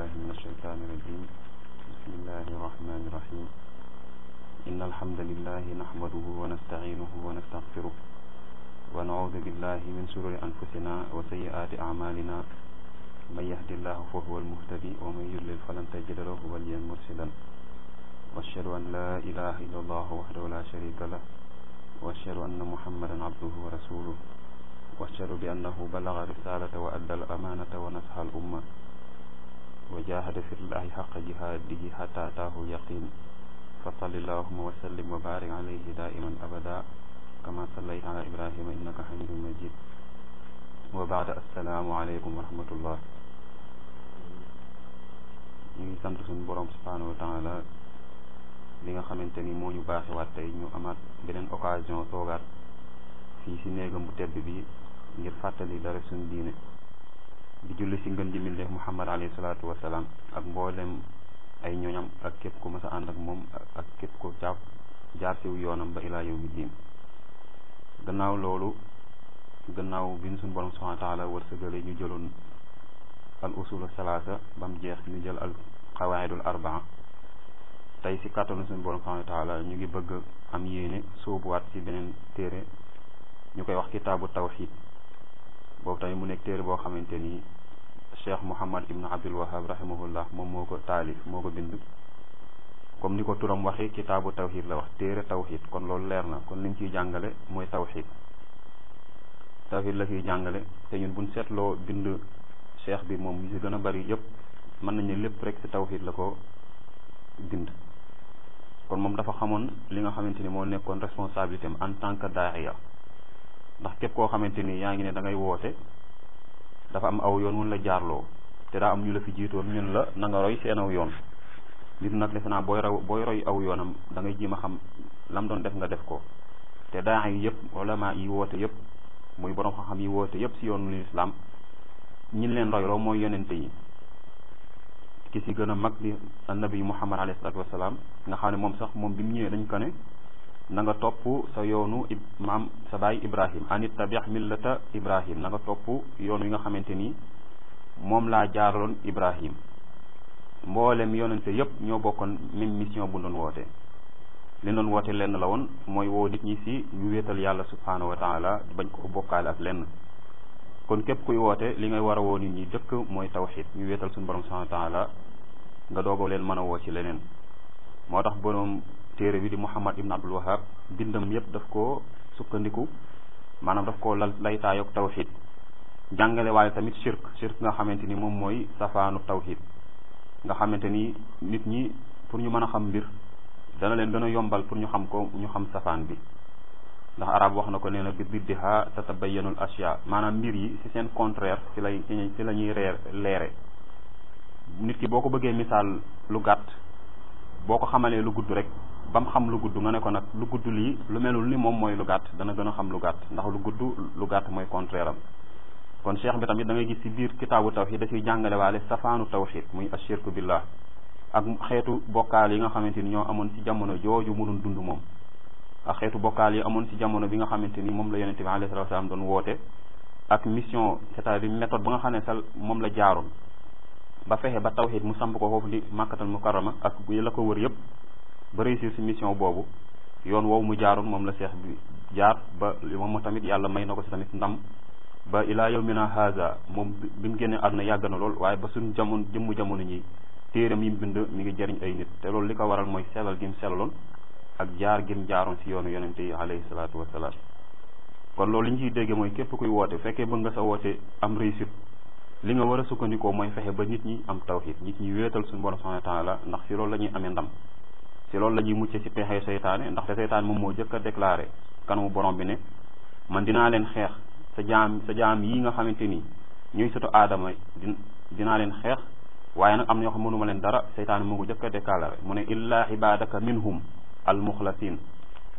بالله من الشيطان الرجيم بسم الله الرحمن الرحيم إن الحمد لله نحمده ونستعينه ونستغفره ونعوذ بالله من شرور أنفسنا وسيئات أعمالنا من يهد الله فهو المهتدي ومن يضلل فلن تجد له وليا مرشدا واشهد أن لا إله إلا الله وحده لا شريك له واشهد أن محمدا عبده ورسوله واشهد بأنه بلغ الرسالة وأدى الأمانة ونصح الأمة وجاهد في الله حق جهاده حتى أتاه اليقين فصل اللهم وسلم وبارك عليه دائما أبدا كما صليت على إبراهيم إنك حميد مجيد وبعد السلام عليكم ورحمة الله ñu sant suñu borom subhanahu wa taala li nga xamanteni mo ñu ñu wat tay ñu amat benen occasion toogaat fi ci néegam bu tedd bi ngir fatali dara suñu diine di julli si ngën ji mbindeef Muhammad alayhi salaatu wasalaam ak mboolem ay ñooñam ak képp ku mës a ànd ak moom ak képp ku jàpp jaar siw yoonam ba ilaa yawmi diin gannaaw loolu gannaaw bi ñu suñu borom subhaana taala wërsëgale ñu jëloon al usulu salaasa ba mu jeex ñu jël al xawaayidul arbaa tey si kàttanu suñ borom subhaana taala ñu ngi bëgg am yéene sóobuwaat si beneen téere ñu koy wax kitaabu tawxiid boobu tamit mu nekk téere boo xamante ni cheikh Mouhamad ibn Abdul Wahab rahimahullah moom moo ko taalif moo ko bind comme ni ko turam waxee kitaabu tawxid la wax téere tawxid kon loolu leer na kon liñ ciy jàngale mooy tawxid tawxid la ciy jàngale te ñun seetloo bind cheikh bi moom yi si a bari yëpp mën nañu lépp rek ci tawxid la ko bind kon moom dafa xamoon li nga xamante ni moo nekkoon responsabilité am en tant que daaya ndax képp koo xamante ni yaa ngi ne da ngay woote dafa am aw yoon wun la jaarloo te daa am ñu la fi jiitoon ñun la nanga nga roy seen aw yoon nit nag def naa booy raw booy roy aw yoonam da ngay jéem a xam lam doon def nga def ko te daa yi yëpp ulama yi woote yëpp muy borom xam yi woote yëpp si yoonu lislaam ñin leen royloo mooy yonente yi ki ci gën a mag di annabi muhammad alayhi salaatu wasalaam nga xam ne moom sax moom bi mu ñëwee dañ ko ne na nga topp sa yoonu maam sa baay ibrahim anit tabix millata ibrahim na nga topp yoon wi nga xamante ni moom laa jaaraloon ibrahim mboolem yonente yépp ñoo bokkoon même mission bu doon woote li doon woote lenn la woon mooy woo nit ñi si ñu wéetal yàlla subhaanahu wa taala bañ koo bokkaale ak lenn kon képp kuy woote li ngay war a woo nit ñi dëkk mooy tawxid ñu wéetal suñu borom subhaanahu wa taala nga doogoo leen mën a woo ci leneen moo tax borom téere bi di Muhammad ibn Abdul Wahab bindam yépp daf ko sukkandiku manam daf ko lal laytaayoog tawxid jàngale tamit shirk shirk nga xamante ni moom mooy safaanu tawxid nga xamante ni nit ñi pour ñu mën a xam mbir dana leen dana yombal pour ñu xam ko ñu xam safaan bi ndax arab wax na ko nee bi biddiha tatabayanul ashya manam mbir yi ci seen contraire ci lay ci lañuy reer nit ki boko bëggee lu gàtt boo ko lu gudd rek ba mu xam lu gudd nga ne ko nag lu gudd lii lu melul ni moom mooy lu gàtt dana gën a xam lu gàtt ndax lu gudd lu gàtt mooy contraire am kon cheikh bi tamit dangay gis ci biir kitaabu tawxid da ciy jàngale waale safaanu tawxid muy ashirku billah ak xeetu bokkaal yi nga xamante ni ñoo amoon ci jamono jooju mu doon dund moom ak xeetu bokkaal yi amoon ci jamono bi nga xamante ni moom la yonente bi alayhi salatu wasalaam doon woote ak mission c'est-à-dire méthode ba xam ne sal moom la jaaroon ba fexe ba tawxid mu samp ko foofu di màkkatal mukarrama ak la ko wër yëpp ba réussir si mission boobu yoon woowu mu jaaroon moom la seex bi jaar ba moom tamit yàlla may na ko si tamit ndam ba ilaa yawmina haza moom bi mu génnee àdduna yàgg na lool waaye ba suñ jamono jëmmu jamono ñi téeram yi mu bind mi ngi jëriñ ay nit te loolu li ko waral mooy sellal gi mu sellaloon ak jaar gi mu jaaroon si yoonu yonente yi alayhi salaatu wasalaam kon loolu li ñu ciy déggee mooy képp kuy woote fekkee bëgg nga sa woote am réussite li nga war a sukkandikoo mooy fexe ba nit ñi am tawxid nit ñi wéetal suñu borom subhanahu wa taala ndax si loolu la ñuy amee ci loolu la ñuy mucc ci pexe seytaane ndaxte seytaane moom moo jëkk a déclaré kanamu borom bi ne man dinaa leen xeex sa jaam sa jaam yi nga xamante ni ñuy sutu aadama di dinaa leen xeex waaye nag am na yoo xam mënuma leen dara seytaane mu ngi jëkk a déclaré mu ne illa ibadaka minhum almuxlasin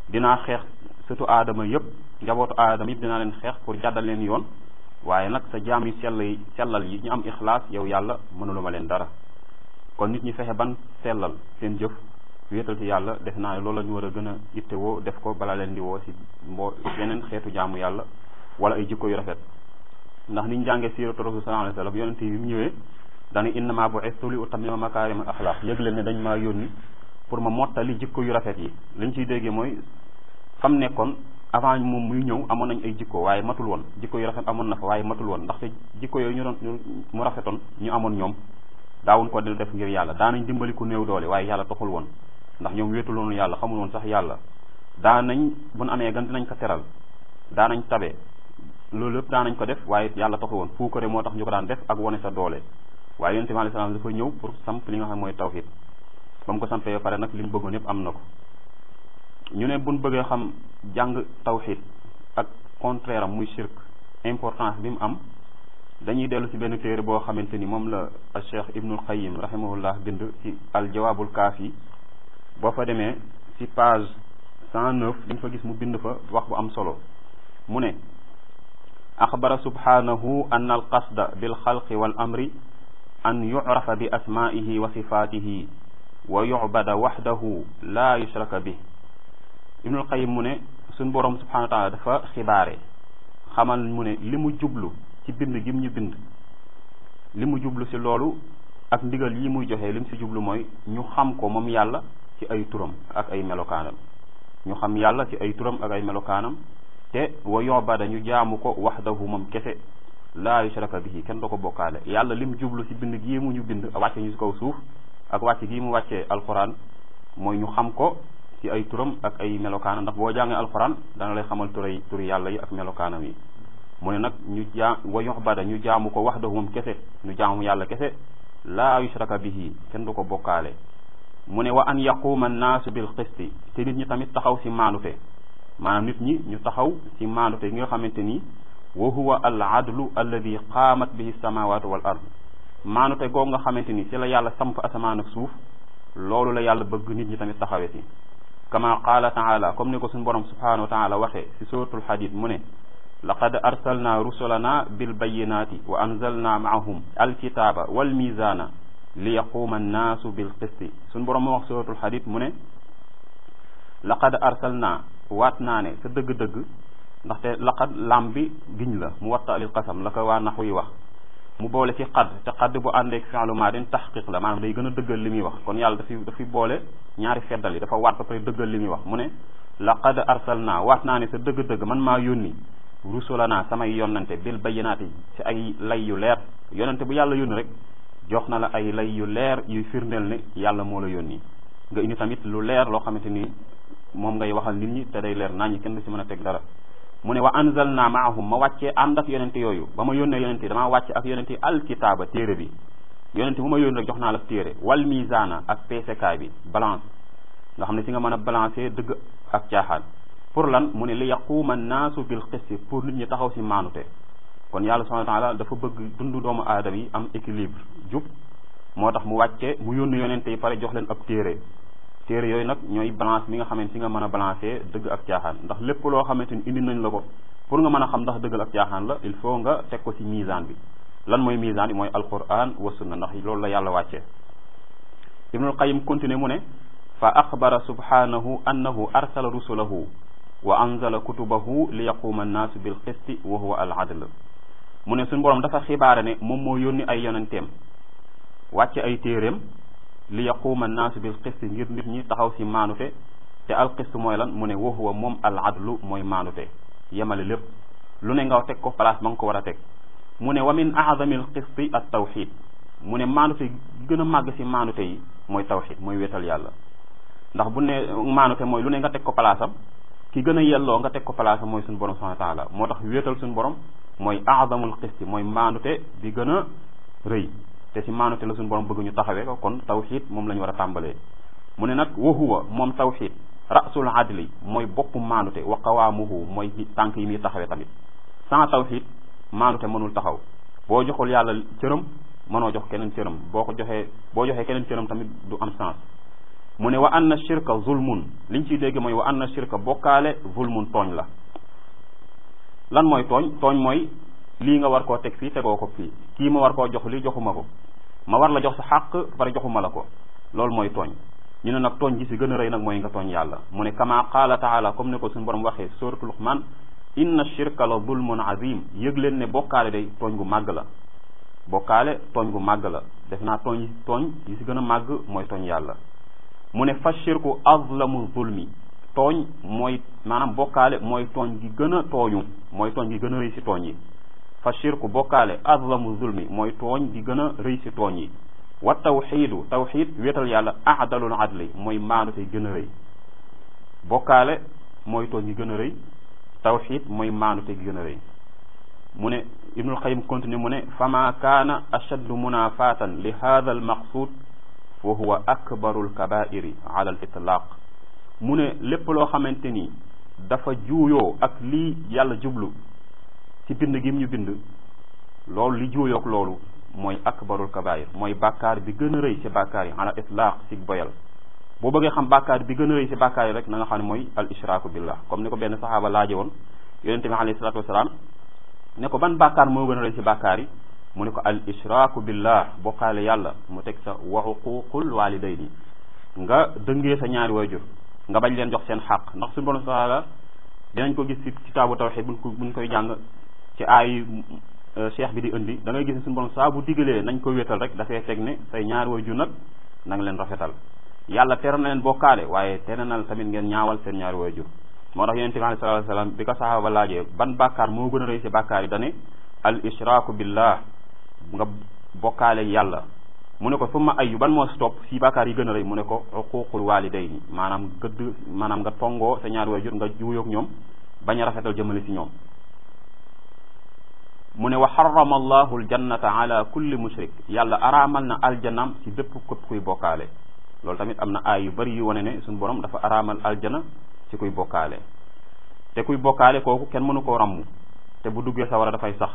dinaa xeex sutu aadama yëpp njabootu aadama yëpp dinaa leen xeex pour jàddal leen yoon waaye nag sa jaam yi sell yi sellal yi ñu am ixlaas yow yàlla mënuluma leen dara kon nit ñi fexe ban sellal seen jëf wéetal ci yàlla def naa ne loolu la ñu war a gën a ittewoo def ko bala leen di woo si mboo yeneen xeetu jaamu yàlla wala ay jikko yu rafet ndax niñ jàngee siiratu rasul sallallahu alayhi wa sallam yi mu ñëwee dana innama bu'istu li utammima makaarimal axlaaq yëg leen ne dañ maa yónni pour ma mottali jikko yu rafet yi liñ ciy déggee mooy fam nekkoon avant moom muy ñëw amoon nañ ay jikko waaye matul woon jikko yu rafet amoon na fa waaye matul woon ndaxte jikko yooyu ñu doon mu rafetoon ñu amoon ñoom daawuñ ko dina def ngir yàlla daanañ dimbali ku néew doole waaye yàlla taxul woon ndax ñoom wéetuloon yàlla xamuloon sax yàlla daanañ bu nu amee gan dinañ ko teral daanañ tabe loolu lépp daanañ ko def waaye yàlla taxu woon puukare moo tax ñu ko daan def ak wane sa doole waaye yonte bi alei salaam dafa ñëw pour samp li nga xam mooy tawhid ba ko sampee pare nag li mu bëggoon yëpp am na ko ñu ne buñ bëggee xam jàng tawhid ak contraire am muy shirk importance bi mu am dañuy dellu ci benn téere boo xamante ni moom la cheikh ibnul qayim rahimahullah bind ci al boo fa demee ci page cent neuf li ñu fa gis mu bind fa wax bu am solo mu ne axbara subhanahu an al qasda bil xalqi wal amri an yucrafa bi asmaihi wa sifaatihi wa yucbada waxdahu laa yushraka bi ibnul qayim mu ne suñ boroom subhanahu wa dafa xibaare xamal mu ne li mu jublu ci bind gim ñu bind li mu jublu si loolu ak ndigal yi muy joxe li mu si jublu mooy ñu xam ko moom yàlla ci ay turam ak ay melokaanam ñu xam yàlla ci ay turam ak ay melokaanam te wa yobada ñu jaamu ko waxdahu moom kese laa yushraka bihi kenn da ko bokkaale yàlla lim jublu ci bind gii mu ñu bind wàcce ñu ci kaw ak wàcce gii mu wàccee alquran mooy ñu xam ko ci ay turam ak ay melokaanam boo jàngee alquran dana lay xamal turay yàlla yi ak melokaanam yi mu ne nag ñu jaa wa yobada ñu jaamu ko waxdahu moom kese ñu jaamu yàlla kese laa bi bihi kenn da ko bokkaale mu ne wa an yaquma an-nas bil qist te nit ñi tamit taxaw ci malufé manam nit ñi ñu taxaw ci malufé nga xamanteni wa huwa al adl alladhi qamat bihi as-samawati wal ard manuté go nga xamanteni ci la yàlla samp asaman ak suuf loolu la yàlla bëgg nit ñi tamit taxawé ci kama qala taala kom ne ko sun borom subhanahu wa taala waxe ci suratul hadid mu ne laqad arsalna rusulana bil bayinati wa anzalna maahum al-kitaba wal mizana li yaquuma annaasu bil qisti suñ borom moo wax suratul xadid mu ne laqad arsalna waat naa ne sa dëgg-dëgg ndaxte laqad lam bi giñ la mu watta alil la ko waa nax yi wax mu boole ci xadd te xadd bu àndeek fi'lu maadin taxqiq la maanaam day gën a dëggal li muy wax kon yàlla dafi dafi boole ñaari feddal yi dafa waat ba pare dëggal li muy wax mu ne laqad naa waat naa ne sa dëgg-dëgg man maa yónni naa samay yonante bil bayyinaati ci ay lay yu leer yonante bu yàlla yónni rek jox na la ay lay yu leer yuy firndeel ne yàlla moo la yónni nga indi tamit lu leer loo xamante ni moom ngay waxal nit ñi te day leer naa ñi kenn du si mën a teg dara mu ne wa anzalna maahum ma wàccee ànd ak yonente yooyu ba ma yónnee yonente yi damaa wàcce ak yonente yi alkitaaba téere bi yonente bu ma yónni rek jox naa la téere wal misaana ak peesekaay bi balance nga xam ne si nga mën a balancer dëgg ak caaxaan pour lan mu ne li yaquuma annaasu bil qisti pour nit ñi taxaw si maanute kon yàlla subhanahu wa taala dafa bëgg dundu doomu adam yi am équilibre jub motax mu wàcce mu yoonu yonente yi pare jox leen ab téré téré yoy nak ñoy balance mi nga xamanteni nga mëna balancer dëgg ak tiaxan ndax lépp lo xamanteni indi nañ la ko pour nga mëna xam ndax dëgg ak tiaxan la il faut nga tek ko ci mizan bi lan moy mizan moy alquran wa sunna ndax loolu la yàlla wàccee ibnul qayyim continue mu ne fa akhbara subhanahu annahu arsala rusulahu wa anzala kutubahu li yaquuma annaasu bilqisti wa huwa al adl mu ne suñu borom dafa xibaare ne moom moo yónni ay yonenteem wàcce ay téeréem li yaquuma naasu bil qist ngir nit ñi taxaw si maanute te al qist mooy lan mu ne wa huwa moom al adlu mooy maanute yemale lépp lu ne nga teg ko place ba nga ko war a teg mu ne wa min aazamil qisti at tawxid mu ne maanute gi gën a màgg si maanute yi mooy tawxid mooy wéetal yàlla ndax bu ne maanute mooy lu ne nga teg ko palaasam ki gën a yelloo nga teg ko place mooy suñ borom subhanahu wa moo tax wéetal suñu borom mooy aazamul xisti mooy maandute bi gën a rëy te ci maandute la suñ borom bëgg ñu taxawee ko kon tawxid moom la ñu war a tàmbalee mu ne nag wa huwa moom tawxid rasul adli mooy wax maandute wa qawaamuhu mooy tànk yi muy taxawee tamit sans tawxid maanute mënul taxaw boo joxul yàlla cëram mënoo jox keneen cëram boo ko joxee boo joxee keneen cëram tamit du am sens mu ne wa anna shirka zulmun ñu ciy léegi mooy wa na shirka bokkaale zulmun tooñ la lan mooy tooñ tooñ mooy lii nga war koo teg fii tegoo ko fii kii ma war koo jox lii joxuma ko ma war la jox sa xàq pare joxuma la ko loolu mooy tooñ ñu ne nag tooñ yi si gën a rey nag mooy nga tooñ yàlla mu ne kama qaala taala comme ne ko suñu borom waxee suratul luqman inna shirka la zulmun azim yëg leen ne bokkaale day tooñ gu màgg la bokkaale tooñ gu màgg la def naa tooñ tooñ yi si gën a màgg mooy tooñ yàlla mu ne fa azlamu zulmi togn moy manam bokale moy togn gi gën toñu moy togn gi gën a rëy si yi fashirku bokale azlamu zulmi moy togn gi gën a rëy si yi wa tawxiidu tawhid wetal yàlla ahdalul adli moy manu te gën a rëy bokkaale mooy tooñ gi gën a rëy tawxiid mooy maandu te gën a rëy mu ne ibnul kontinu mune fama kana ashaddu munafatan li hadha al maqsud wa huwa akbarul kabairi ala al itlaq mu ne lépp loo xamante ni dafa juuyoo ak lii yàlla jublu ci bind gim ñu bind loolu li juuyoog loolu mooy akbarul kabair mooy bàkkaar bi gën a rëy ci bàkkaar yi ala itlaq si boyal boo bëggee xam bàkkaar bi gën a rëy si bàkkaar yi rek nanga xam ne mooy al ishraaku billah comme ni ko benn saxaaba laaje woon yonente bi alayhi salaatu wasalaam ne ko ban bàkkaar moo gën a rëy si bàkkaar yi mu ne ko al ishraaku billah bokkaale yàlla mu teg sa wa uququl walidayni nga dëngee sa ñaari way waajur nga bañ leen jox seen xaq ndax suñu borom taala dinañ ko gis ci kitaabu tawxid buñ ko buñ koy jàng ci aay euh, cheikh bi di indi da gis ne suñu borom saa bu nañ ko wéetal rek dafay teg ne say ñaari waajur nag na leen rafetal yàlla tere na leen bokkaale waaye tere na tamit ngeen ñaawal seen ñaari waajur moo tax yonente bi alayhi salaatu wa salaam bi ko saxaaba laajee ban bàkkaar moo gën a rëy si nga bokkaale yàlla mu ne ko summa ayyu ban moo stop si bàkkaar yi gën a rëy mu ne ko uquuqul waalidayni maanaam gëdd maanaam nga tongoo sa ñaari waajur nga juuyoog ñoom bañ a rafetal jëmale si ñoom mu ne wa xarama allahu aljannata ala kulli mushrik yàlla araamal na aljanam ci bépp képp kuy bokkaale loolu tamit am na aay yu bari yu wane ne suñu borom dafa araamal aljana si kuy bokkaale te kuy bokkaale kooku kenn mënu koo ràmm te bu duggee sawara dafay sax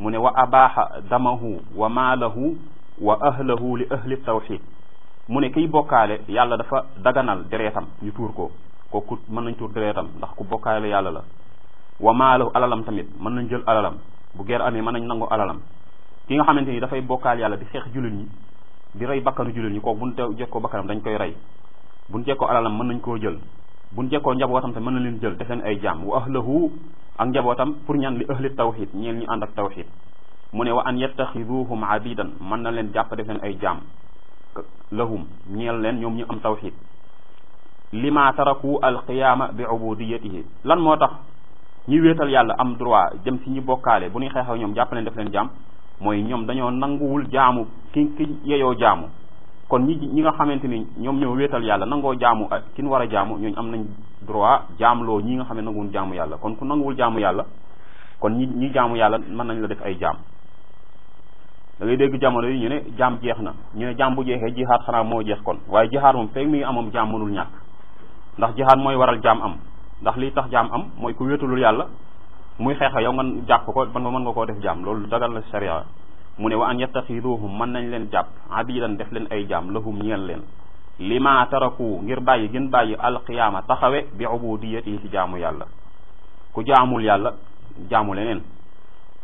mu ne wa abaaxa damahu wa maalahu wa ahlahu li ahli tawxid mu ne kiy bokkaale yàlla dafa daganal dereetam ñu tuur ko kooku mën nañ tuur dereetam ndax ku bokkaale yàlla la wa maalahu alalam tamit mën nañu jël alalam bu geer amee mën nañ nangu alalam ki nga xamante ni dafay bokkaal yàlla di xeex jullit ñi di rey bakkanu jullit ñi kooku buñ te jekkoo bakkanam dañ koy rey bu jekkoo alalam mën nañ koo jël bu jekkoo njabootam te mën na leen jël te ay jaam wa ak njabootam pour ñan li ahli tawxid ñeel ñu ànd ak tawxid mu ne wa an yettaxiduhum abidan mën na leen jàpp def leen ay jaam lahum ñeel leen ñoom ñu am tawxid lima taraku alqiyaama bi ubudiyatihi lan moo tax ñi wéetal yàlla am droit jëm si ñi bokkaale bu ñuy xeexaw ñoom jàpp leen def leen jaam mooy ñoom dañoo nanguwul jaamu ki ki yeyoo jaamu kon ñi ñi nga xamante ni ñoom ñoo wéetal yàlla nangoo jaamu ak kin war a jaamu ñooñu am nañ droit jaamloo ñi nga xam ne nanguwul jaamu yàlla kon ku nanguwul jaamu yàlla kon ñi ñi jaamu yàlla man nañ la def ay jaam da ngay dégg jamono yi ñu ne jaam jeex na ñu ne jaam bu jeexee jihaad xanaa moo jeex kon waaye jihaad moom feeg mi ngi amoon jaam mënul ñàkk ndax jihaad mooy waral jaam am ndax liy tax jaam am mooy ku wéetalul yàlla muy xeexa yow nga jàpp ko man nga mën nga koo def jaam loolu dagal na sharia mu ne wa an yattaxiduhum mën nañ leen jàpp abidan def leen ay jaam lahum ñeel leen li ma taraku ngir bàyyi gën bàyyi alqiyaama taxawe bi ubudiyati ci jaamu yàlla ku jaamul yàlla jaamu leneen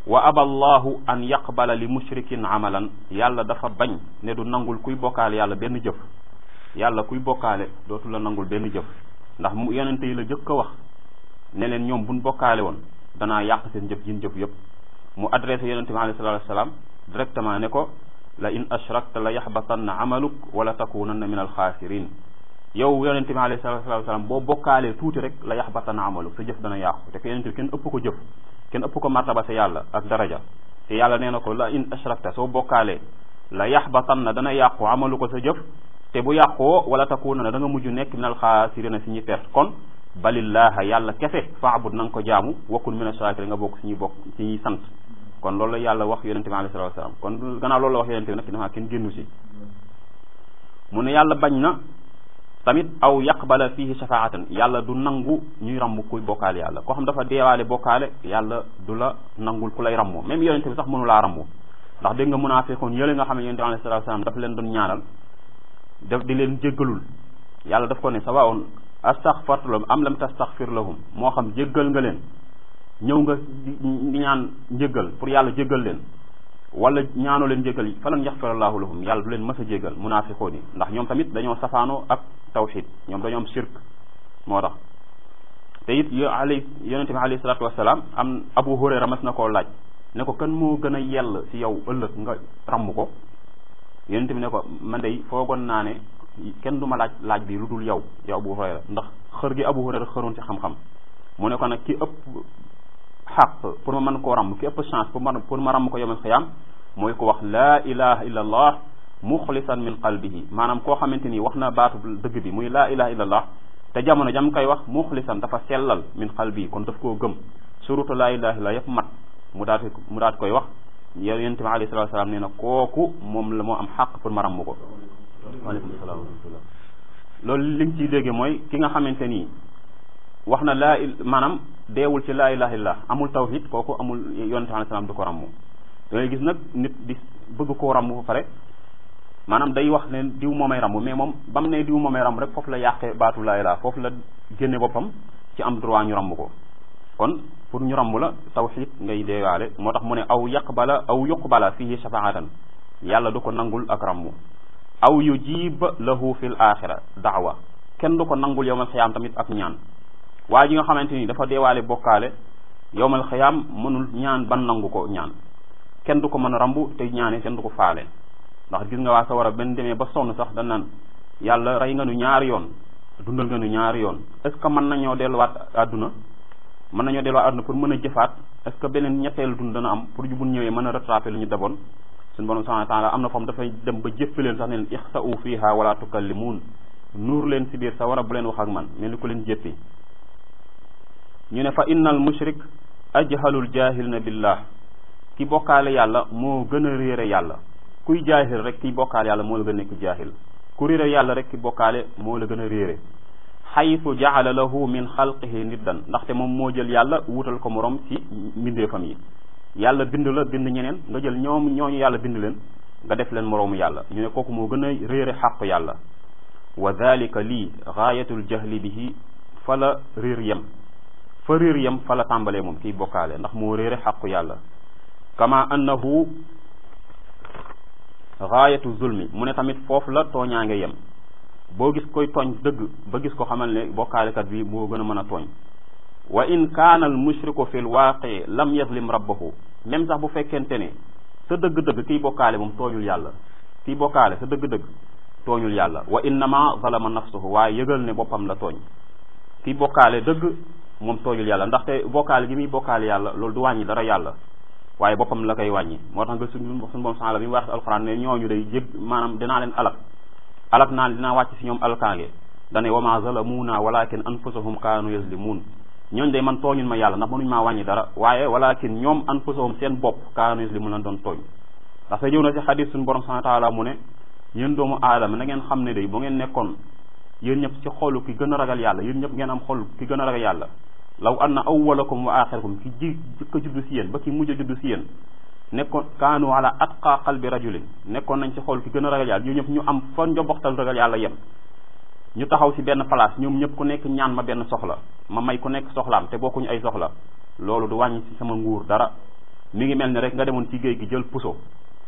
wa aballahu an yaqbala li mushrikin amalan yàlla dafa bañ ne du nangul kuy bokkaale yàlla benn jëf yàlla kuy bokkaale dootu la nangul benn jëf ndax mu yonente la jëkka wax ne leen ñoom buñ bokkaale woon danaa yàq seen jëf jin jëf yëpp mu adressé yonente bi salaam directement ne ko la in ashrakta la yaxbatanna amaluk wala takunanna min alxaasirin yow yonente bi alayhi salatu wasalaam boo bokkaalee tuuti rek la yaxbatanna amaluk sa jëf dana yàqu te ko ëpp ko jëf kenn ëpp ko martaba sa yàlla ak daraja te yàlla nee na ko la in ashrakta soo bokkaalee la yaxbatanna dana yàqu amalu ko sa jëf te bu yàqoo wala takunanna da nga mujj nekk min alxaasirina si ñi perte kon balillaaha yàlla kefe faabud na nga ko jaamu wakun min ashakir nga bokk si ñuy bokk si ñuy sant kon loolu la yàlla wax yonente bi alayhi salaatu kon gannaaw loolu la wax yonente bi nag kenn génnu si mu ne yàlla bañ na tamit aw yaqbala fihi shafaatan yàlla du nangu ñuy ramb kuy bokkaale yàlla koo xam dafa deewaale bokkaale yàlla du la nangul ku lay rambu même yonente bi sax mënu laa rambu ndax dégg nga munaafiqoon yële nga xam ne yonente bi alayhi salaatu wasalaam dafa leen doon ñaanal daf di leen jéggalul yàlla daf ko ne sawaun astaghfartu lahum am lam tastaghfir lahum moo xam jéggal nga leen ñëw nga ñaan njëggal pour yàlla jéggal leen wala ñaanoo leen jéggal falan yaxfirallahu lahum yàlla du leen mës a jéggal munaafiqoon yi ndax ñoom tamit dañoo safaanoo ak tawxid ñoom dañoo am shirk moo tax te it yo alay yonente bi alayhi salaatu wasalaam am abu hurayra mas na koo laaj ne ko kan moo gën a yell si yow ëllëg nga ramm ko yonente bi ne ko man day foogoon naa ne kenn du ma laaj laaj bi lu dul yow yow abu hurayra ndax xër gi abu hurayra xëroon ci xaq pour ma mën koo ràmm ki ëpp chance pour ma pour ma ràmm ko yomal xiyam mooy ko wax laa ilaha illa allah muxlisan min qalbihi maanaam koo xamante ni wax na baatu dëgg bi muy laa ilaha illa allah te jamono jam koy wax muxlisan dafa sellal min qalbihi kon daf koo gëm surutu laa ilaha illa yëpp mat mu daat mu daat koy wax yow yonente bi alayhi salatu salaam nee na kooku moom la moo am xaq pour ma ràmm ko waaleykum salaam wa rahmatullah loolu li nga ciy déggee mooy ki nga xamante ni wax na laa maanaam deewul ci la ilaha illah amul tawhid koku amul yonente alai salaam du ko ramu da ngay gis nak nit di bëgg ko ramu fa rek manam day wax ne diw momay ramu mais mom bam ne diw momay rammu rek foofu la yaqé baatu la ilaha foofu la génne bopam ci am droit ñu ramu ko kon pour ñu ramu la tawhid ngay deewaale motax mu ne aw yaqbala aw yuqbala fihi shafaatan yàlla du ko nangul ak ramu aw yujib lahu fil akhirah da'wa ken du ko nangul yowmal xiyaam tamit ak ñaan waa ji nga xamante ni dafa deewaale bokkaale yowmal xayaam mënul ñaan ban nangu ko ñaan kenn du ko mën a rambu te ñaane kenn du ko faale ndax gis nga waa sa war a benn demee ba sonn sax da naan yàlla rey nga nu ñaari yoon dundal nga nu ñaari yoon est ce que mën nañoo delluwaat àdduna mën nañoo delluwaat àdduna pour mën a jëfaat est ce que beneen ñetteelu dund am pour ju ñëwee mën a rattraper lu ñu deboon suñu borom subhanahu wa taala am na foofu dafay dem ba jëppe leen sax ne leen ixsa'u fiha wala tukallimuun nuur leen si biir sa war bu leen wax ak man mel ni ku leen jëppi ñu ne fa innal mushrik ajhalul jaahil na billah ki bokkaale yàlla moo gën a réere yàlla kuy jaahil rek kiy bokkaale yàlla moo la gën a nekk jaahil ku réere yàlla rek ki bokkaale moo la gën a réere xaytu jaala lahu min xalqihi niddan ndaxte moom moo jël yàlla wuutal ko morom ci mbindeefam yi yàlla bind la bind ñeneen nga jël ñoom ñooñu yàlla bind leen nga def leen moroomu yàlla ñu ne kooku moo gën a réer xàqu yàlla wa dalika lii gaayatul jahli bihi fa réer yem fa réer yam fa la tàmbalee moom kiy bokkaale ndax moo réere xàqu yàlla kama annahu gaayatu zulmi mu ne tamit foofu la tooñaange yem boo gis koy tooñ dëgg ba gis ko xamal ne bokkaalekat bi moo gën a mën a tooñ wa in kaana al mushriku fi l waaqi lam yazlim rabbahu même sax bu fekkente ne sa dëgg-dëgg kiy bokkaale moom tooñul yàlla kiy bokkaale sa dëgg-dëgg tooñul yàlla wa innama zalama nafsuhu waaye yëgal ne boppam la tooñ kiy bokkaale dëgg moom tooñul yàlla ndaxte bokkaal gi muy bokkaal yàlla loolu du wàññi dara yàlla waaye boppam la koy wàññi moo tax nga suñu suñu borom subhaanahu bi mu wax alxuraan ne ñooñu day jég maanaam dinaa leen alak alak naa dinaa wàcc si ñoom alkaange dane wa maa zalamuuna walakin anfusahum kaanu yazlimuun ñooñu day ma yàlla ndax mënuñu maa wàññi dara waaye walakin ñoom anfusahum seen bopp kaanu yazlimuun lan doon na si xadis suñu borom subhaanahu wa doomu aadama na ngeen xam ne day bu ngeen nekkoon yéen ñëpp ci xolu ki gën a ragal yàlla yéen ñëpp ngeen am xol ki gën a ragal yàlla law anna awwalakum wa axirakum ki ji jëkk a juddu si yéen ba ki mujj a juddu si yéen nekkoon kaanu ala atqa qalbi rajulin nekkoon nañ ci xol ki gën a ragal yàlla ñoom ñëpp ñu am fa njoboxtal ragal yàlla yem ñu taxaw si benn place ñoom ñëpp ku nekk ñaan ma benn soxla ma may ku nekk soxlaam te bokkuñu ay soxla loolu du wàññi si sama nguur dara mi ngi mel ni rek nga demoon ci gi jël puso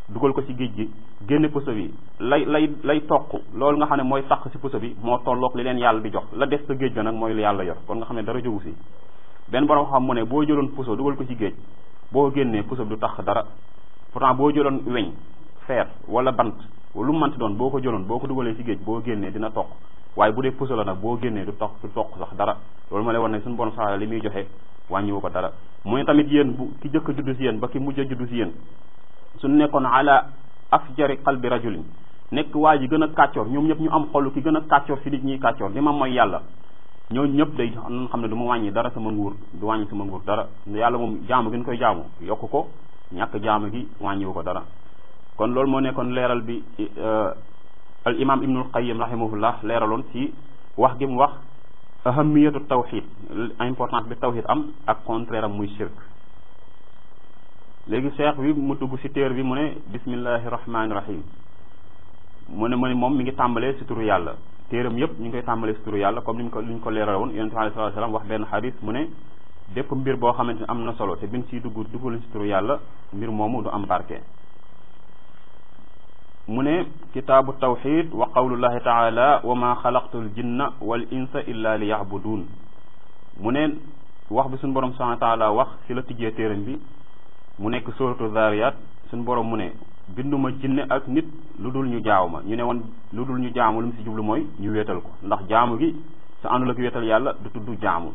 dugal ko ci géej gi génne puso bi lay lay lay toq loolu nga xam ne mooy taq ci puso bi moo tolloog li leen yàlla di jox la des sa géej ga nag mooy lu yàlla yor kon nga xam ne dara jógu si benn borom xam mu ne boo jëloon puso dugal ko ci géej boo génnee puso bi du tax dara pourtant boo jëloon weñ feer wala bant lu manti doon boo ko jëloon boo ko dugalee ci géej boo génnee dina toq waaye bu dee puso la nag boo génnee du toq du toq sax dara loolu ma lay wan ne suñu borom saala li muy joxe wàññiwu ko dara mu ne tamit yéen bu ki jëkk juddu si yéen ba ki mujj juddu si yéen su nekkoon ala afjari qalbi rajulin nekk waa ji gën a kàccoor ñoom ñëpp ñu am xolu ki gën a kàccoor fi nit ñuy kàccoor li ma mooy yàlla ñoo ñëpp day nan xam ne du ma wàññi dara sama nguur du wàññi sama nguur dara yàlla moom jaamu gi ñu koy jaamu yokk ko ñàkk jaamu gi wàññiwu ko dara kon loolu moo nekkoon leeral bi euh, al imam ibnul qayyim rahimahullah leeraloon ci wax gi mu wax ahamiyatu tawxid important bi tawxid am ak contraire am muy shirk legui cheikh bi mu dugg ci terre bi mu ne bismillahi rahmaani rahim mu ne mom mi ngi tambalé ci turu yàlla terreum yep ñu ngi tambalé ci turu yàlla comme ni ñu ko li ñu ko leeral woon yonente sallallahu alayhi wasallam wax ben hadith mu ne depp mbir bo xamanteni amna solo te bin ci dugg dugg ci turu yàlla mbir momu du am barke mu ne kitabut tawhid wa qawlullahi taala wa ma khalaqtul jinna wal insa illa liya'budun mu ne wax bi sun borom subhanahu wa taala wax ci la tijé terreum bi mu nekk suratu zariyat suñ borom mu ne binduma jinne ak nit lu dul ñu jaaw ma ñu ne woon lu ñu jaamu lu mu jublu mooy ñu wéetal ko ndax jaamu gi sa àndul ak wéetal yàlla du tudd jaamu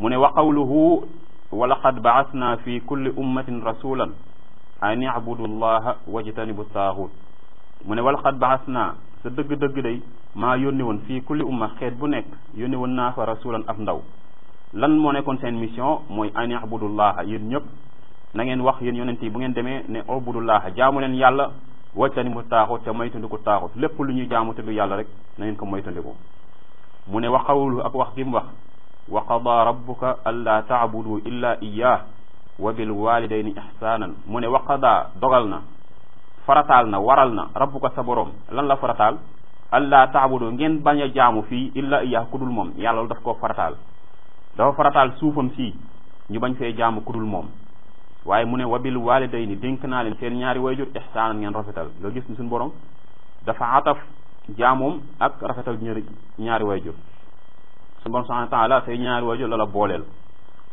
mu ne wa qawluhu wa laqad baasna fi kulli ummatin rasulan an ibudu llaha wajtanibu taaxut mu ne wa laqad baasna sa dëgg-dëgg day maa yónni woon fii kulli umma xeet bu nekk yónni woon naa fa rasulan ab ndaw lan moo nekkoon seen mission mooy an ibudu llaha yéen ñëpp na ngeen wax yéen yonenti bu ngeen deme ne obudullaha jaamu len yàlla waccani mu taaxut te ndiko taaxut lépp lu ñuy jaamu te du yàlla rek na ngeen ko ndiko mu ne waxawlu ak wax gi mu wax wa qada rabbuka alla ta'budu illa iyyah wa bil walidayni ihsanan mu ne wa qada dogal na farataal na waral na rabbuka sa borom lan la faratal alla ta'budu ngeen baña jaamu fi illa iyyah kudul mom yàlla lu daf koo farataal dafa faratal suufam si ñu bañ fee jaamu kudul mom waaye mu ne wabil walidayni dénk naa leen seen ñaari wayjur ihsaanan ngeen rafetal nga gis ni suñu borom dafa ataf jaamoom ak rafetal ñaari ñaari wayjur suñu borom subhanahu wa taala ñaari wayjur la la booleel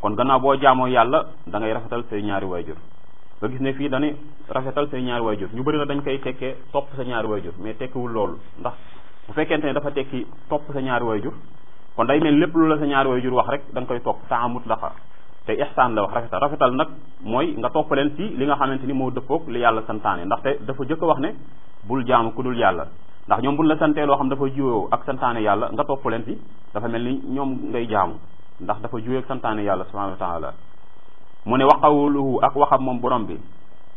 kon gannaaw boo jaamoo yàlla da ngay rafetal say ñaari wayjur nga gis ne fii dañuy rafetal say ñaari wayjur ñu bari la dañ koy tekkee topp sa ñaari wayjur mais tekkiwul loolu ndax bu fekkente ne dafa tekki topp sa ñaari wayjur kon day mel lépp lu la sa ñaari wayjur wax rek da nga koy topp taamut laxa te ihsan la wax rafetal rafetal nak moy nga topalen ci li nga xamanteni mo defok li yàlla santane ndax té dafa jëk wax ne bul jaam ku dul yàlla ndax ñom buñ la santé lo xam dafa juyo ak santane yàlla nga topalen ci dafa melni ñom ngay jaam ndax dafa juyo ak santane yàlla subhanahu wa taala mu ne waqawluhu ak waxam mom borom bi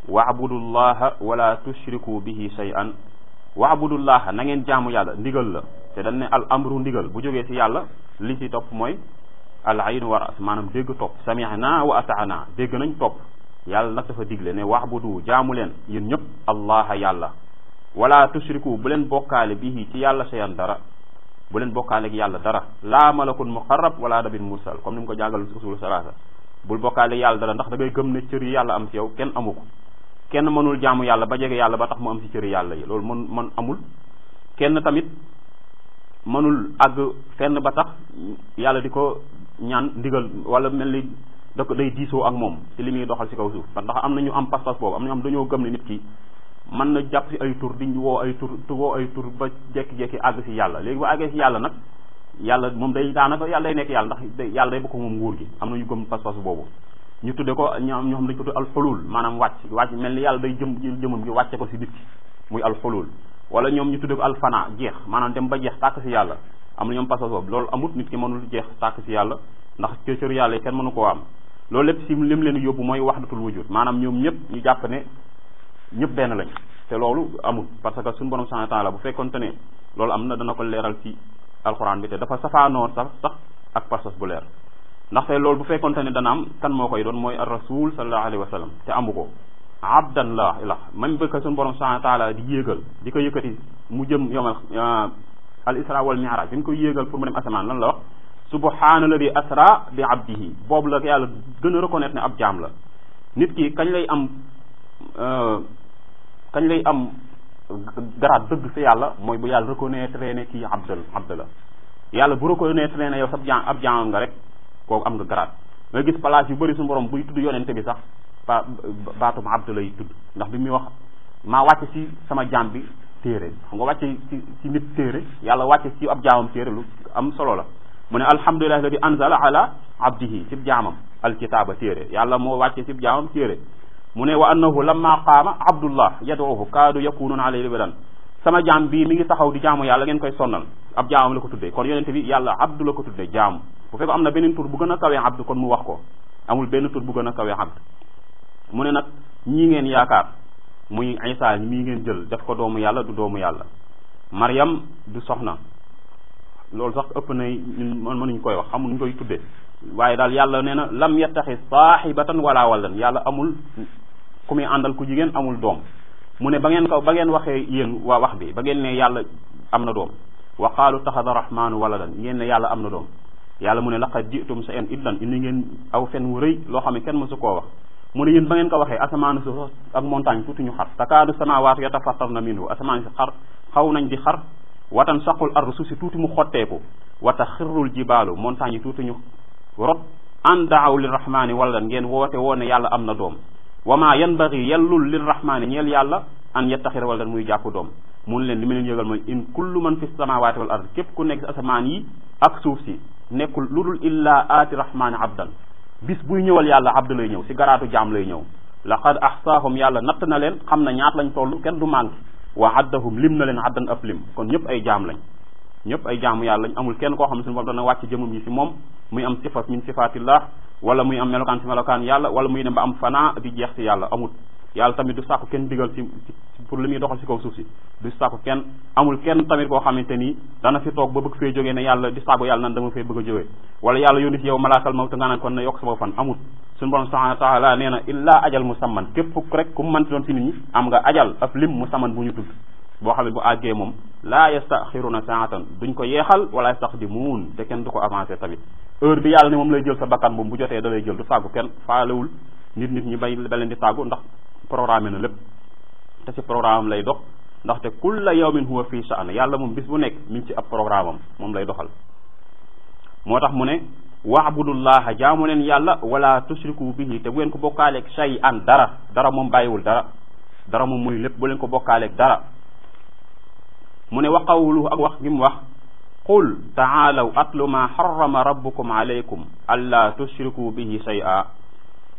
wa la tushriku bihi shay'an waabudullaha na ngeen jaamu yàlla ndigal la te dañ ne al amru ndigal bu jógee ci yàlla li ci top moy al ayn wa ras maanaam dégg topp sami'na wa ata'na dégg nañ topp yàlla nag dafa digle ne wa'budu jaamu leen yéen ñëpp allaha yàlla wala tushriku bu leen bokkaale bihi ci yàlla sayan dara bu leen bokkaale yàlla dara laa malakun muqarrab wala nabiyun mursal comme ni mu ko jàngal usul salaasa bul bokkaale yàlla dara ndax da ngay gëm ne cër yi yàlla am ci yow kenn amu kenn mënul jaamu yàlla ba jege yàlla ba tax mu am ci cëri yàlla yi loolu man mën amul kenn tamit mënul àgg ñaan ndigal wala mel ni da ko day diisoo ak moom ci li muy doxal ci kaw suuf ndax am na ñu am pas-pas boobu am na ñu am dañoo gëm ne nit ki mën na ay tur di woo ay tur tu woo ay tur ba àgg ci yàlla léegi bu àggee ci yàlla nag yàlla moom day daanaka yàlla nekk yàlla ndax yàlla day bokk moom nguur gi am na ñu gëm pas boobu ñu tudde ko ñoom ñoo xam dañu ko tudde alxulul maanaam wàcc wàcc mel ni yàlla day jëm jëmam gi wàcce ko si nit ki muy alxulul wala ñoom ñu tudde ko alfana jeex maanaam dem ba jeex tàkk si yàlla am ñom passage bob lool boobu amut nit ki mënul jeex tak ci yàlla ndax ci ciur yàlla kenn mënu ko am lool lépp ci lim leen yóbbu moy waxdatul wujud manam ñom ñëpp ñu jàpp ne ñëpp ben lañ te loolu amul parce que suñu borom subhanahu wa taala bu fekkonte ne lool amna dana ko leral ci alxuraan bi te dafa safa no sax sax ak passage pas bu leer té lool bu fekkonte ne dana am tan mo koy doon moy ar rasul sallallahu alayhi wa sallam te amu ko abdan la ila même bëgg suñu borom subhanahu wa taala di yéegal di ko yëkkati mu jëm yomal al isra wal bi mu koy yéegal pour mu dem asamaan lan la wax subhaana asra bi abdihi boobu la yàlla gën a reconnaître ne ab jaam la nit ki kañ lay am euh, kañ lay am garaat dëgg fi yàlla mooy bu yàlla reconnaître ne kii abdal abd la yàlla bu reconnaître ne yow sab jaam ab jaam nga rek kooku am nga garaat nga gis place yu bari suñu borom buy tudd yonente bi sax ba baatum abd lay tudd ndax bi muy wax maa wàcc si sama jaam bi téere bi xam nga wàcce ci ci nit téere yàlla wàcce ci ab jaamam téere lu am solo la mu ne alhamdulillahi alladi anzala ala abdihi cib jaamam alkitaaba téere yàlla moo wàcce cib jaamam téere mu ne wa annahu lamma qaama abdullah yaduuhu kaadu yakunuuna alayhi libadan sama jaam bii mi ngi taxaw di jaamu yàlla ngeen koy sonnal ab jaamam la ko tuddee kon yonente bi yàlla abdu la ko tuddee jaamu bu fekk am na beneen tur bu gën a kawee abdu kon mu wax ko amul benn tur bu gën a kawee abdu muy Isa mi ngeen jël def ko doomu yàlla du doomu yàlla Maryam du soxna loolu sax ëpp na ñun mënuñ koy wax xamul ñu koy tuddee waaye daal yàlla nee na lam yattaxi saaxibatan wala wallan yàlla amul ku muy àndal ku jigéen amul doom mu ne ba ngeen ko ba ngeen waxee yéen waa wax bi ba ngeen ne yàlla am na doom wa qaalu taxada rahmaanu waladan ngeen ne yàlla am na doom yàlla mu ne laqad jitum sa en iddan indi ngeen aw fen wu rëy loo xam ne kenn mësu koo wax mu ne yéen ba ngeen ko waxe asamaan su ak montagne tutu ñu xar takadu takaadu samawaat yatafattar na minhu asamaan si xar xaw nañ di xar watan saqul ardu suuf tutu mu xotte ko wata khirrul jibalu montagne tutu ñu rot an daaw lirrahmaani wala ngeen wote wona yàlla amna dom wama yanbaghi maa yanbagi yellul lirrahmaani yàlla an yattakhir wala muy jappu dom mun leen li ma leen yëgal mooy in kullu man fis samawati wal ard kep ku nek si yi ak suuf si nekul lulul illa ati rahman abdan bis buy ñëwal yàlla abdu lay ñëw si garaatu jaam lay ñëw laqad ahsaahum yàlla natt na leen xam na ñaat lañ toll kenn du manqué wa addahum lim na leen addan ab lim kon ñëpp ay jaam lañ ñëpp ay jaamu yàlla lañ amul kenn koo xam ne suñu borom dana wàcc jëmam yi si moom muy am sifat min sifatillah wala muy am melokaan si melokaan yàlla wala muy dem ba am fanaa di jeex si yàlla amul yàlla tamit du sàkku kenn digal ci pour li muy doxal ci kaw suuf si du sàkku kenn amul kenn tamit koo xamante ni dana fi toog ba bëgg fee jógee ne yàlla di sàkku yàlla nan dama fee bëgg a jógee wala yàlla yónni ci yow malaakal mawta nga naan kon na yokk sama fan amul suñu borom subhanahu wa taala nee na illaa ajal musamman képp rek ku mënti doon ci nit ñi am nga ajal ab lim musamman bu ñu tudd boo xam ne bu àggee moom laa yastaxiruna saatan duñ ko yeexal wala yastaqdimuun te kenn du ko avancé tamit heure bi yàlla ne moom lay jël sa bakkan moom da lay jël nit nit ñu bay balen di tagu ndax programme na lépp te ci programme lay dox ndax te kulla yawmin huwa fi sha'an yàlla mom bis bu nek mi ci ap programme am mom lay doxal motax mu ne wa'budullaha jamulen yàlla wala tushriku bihi te bu ngeen ko bokkaaleeg shay an dara dara mom bayiwul dara dara mom muy lépp bu len ko bokale ak dara mu ne waqawluhu ak wax gi mu wax قل تعالوا atlu ما حرم ربكم عليكم ألا تشركوا به شيئا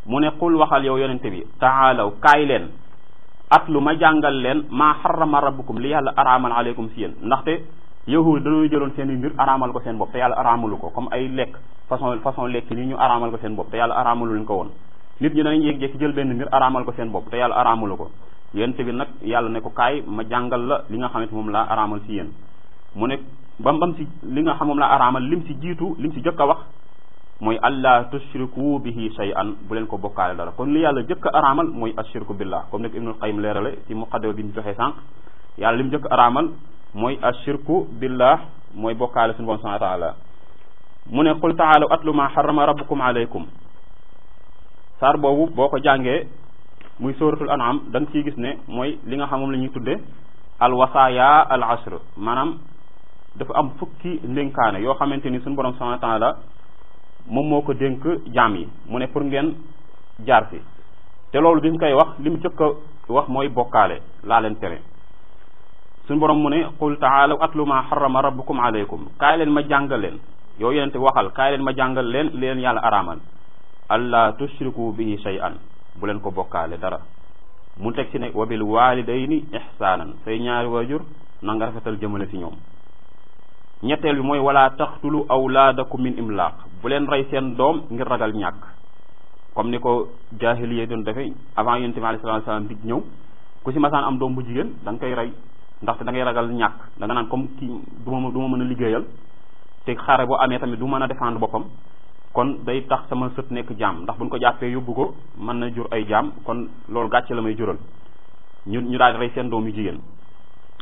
mu ne qul waxal yow yonente bi taalaw kaay leen at lu ma jàngal leen maa xarama ko li yàlla araamal aleykum si yéen ndaxte yahud dañoo jëloon seen i mbir araamal ko seen bopp te yàlla araamalu ko comme ay lekk façon façon lekk ni ñu araamal ko seen bopp te yàlla araamalu leen nit ñi danañ jékki jël benn mbir araamal ko seen bopp te yàlla araamalu ko yonente bi nag yàlla ne ko kaay ma jàngal la li nga xamante moom laa araamal si yéen mu ne bam bam si li nga xam moom laa araamal lim si jiitu lim si jëkk a wax mooy allah tushriku bihi shay'an bu leen ko bokkaale dara kon li yàlla jëkk a araamal mooy ashirku billah comme ni ko ibnul qayim leerale ci muqaddama bi ñu joxee sànq yàlla li mu jëkk araamal mooy ashirku billah mooy bokkaale suñu borom subhanahu wa taala mu ne qul taalaw atlu ma xarama rabbukum alaykum saar boobu boo ko jàngee muy sóoratul anam da nga gis ne mooy li nga xam moom la ñuy tudde alwasaaya al ashr maanaam dafa am fukki ndénkaane yoo xamante ni suñu borom subhanahu wa taala moom moo ko dénk jaam yi mu ne pour ngeen jaar fi te loolu bi mu koy wax li mu jëkk wax mooy bokkaale laa leen tere suñu borom mu ne qul taalaw atlu ma xarama rabbukum aleykum kaay leen ma jàngal leen yow yenente waxal kaay leen ma jàngal leen leen yàlla araamal alla tushriku bihi shay'an bu leen ko bokkaale dara mu teg ci ne wa bil walidayni ihsaanan say ñaari waajur na nga rafetal jëmale ci ñoom ñetteel bi mooy tax wala taqtulu awlaadakum min imlaaq bu leen rey seen doom ngir ragal ñàkk comme ni ko jaahiliya doon defee avant yonent bi alayhi salaatu salaam di ñëw ku si masaan am doom bu jigéen danga nga koy rey ndax da ngay ragal ñàkk da naan comme kii du ma du mën a liggéeyal te xare bu amee tamit du mën a défendre boppam kon day tax sama sët nekk jaam ndax buñ ko jàppee yóbbu ko mën na jur ay jaam kon loolu gàcce la may jural ñu ñu daal rey seen doom yu jigéen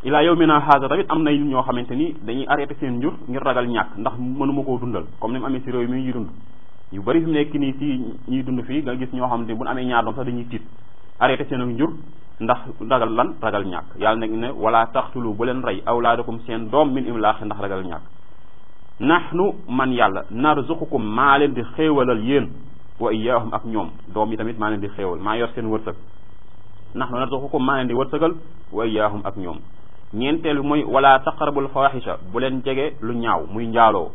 ilaa yow mi naa xaasa tamit am na ñoo xamante ni dañuy arrêté seen njur ngir ragal ñàkk ndax mënuma koo dundal comme ni mu amee si réew mi ñuy dund yu bari fi mu nekk nii si ñuy dund fii nga gis ñoo xamante ni bu ñu amee ñaar doom sax dañuy tiit arrêté seen ak njur ndax ragal lan ragal ñàkk yàlla nag ne tax taxtulu bu leen rey awlaadakum seen doom min imlaax ndax ragal ñàkk nahnu man yàlla narzuqukum maa leen di xéewalal yéen wa iyaahum ak ñoom doom yi tamit maa leen di xéewal maa yor seen wërsëg nahnu narzuqukum maa leen di wërsëgal wa iyaahum ak ñoom ñeenteelu moy wala taqrabul fawahisha bu len jege lu ñaaw muy njaaloo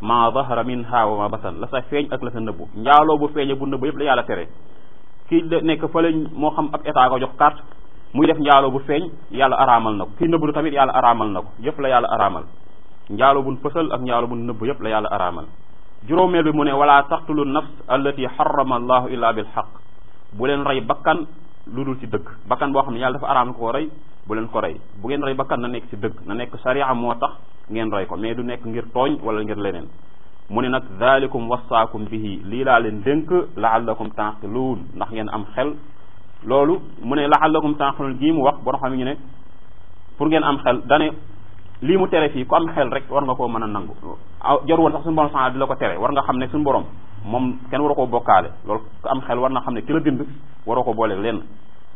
ma zahara minha wa ma batan la sa feñ ak la sa neub njaaloo bu feñe bu neub yëpp la yàlla tere ki nek fa lañ mo xam ab état ko jox carte muy def njaaloo bu feñ yàlla aramal nako ki kii nëbblu tamit yàlla aramal nako ko yëpp la yàlla aramal njaaloo bu fessel ak njaaloo bu neub yëpp la yàlla aramal juromel bi mu ne wala taqtulun nafs allati harrama allah illa bil haqq bu len ray bakkan lu dul ci dëgg bakkan boo xam ne yàlla dafa araam ko rey bu leen ko rey bu ngeen rey bakkan na nekk ci dëgg na nekk sharia moo tax ngeen rey ko mais du nekk ngir tooñ wala ngir leneen mu ne nag dalikum wasaakum bihi lii laa leen dënk dénk laallakum taaqiluun ndax ngeen am xel loolu mu ne la laallakum taaqiluun gii mu wax boo xam ne ñu ne pour ngeen am xel dane lii mu tere fii ku am xel rek war nga koo mën a nangu ah jor woon sax suñu borom sax di la ko tere war nga xam ne suñu borom moom kenn waroo koo bokkaale loolu ku am xel war na xam ne ki la bind ko booleeg lenn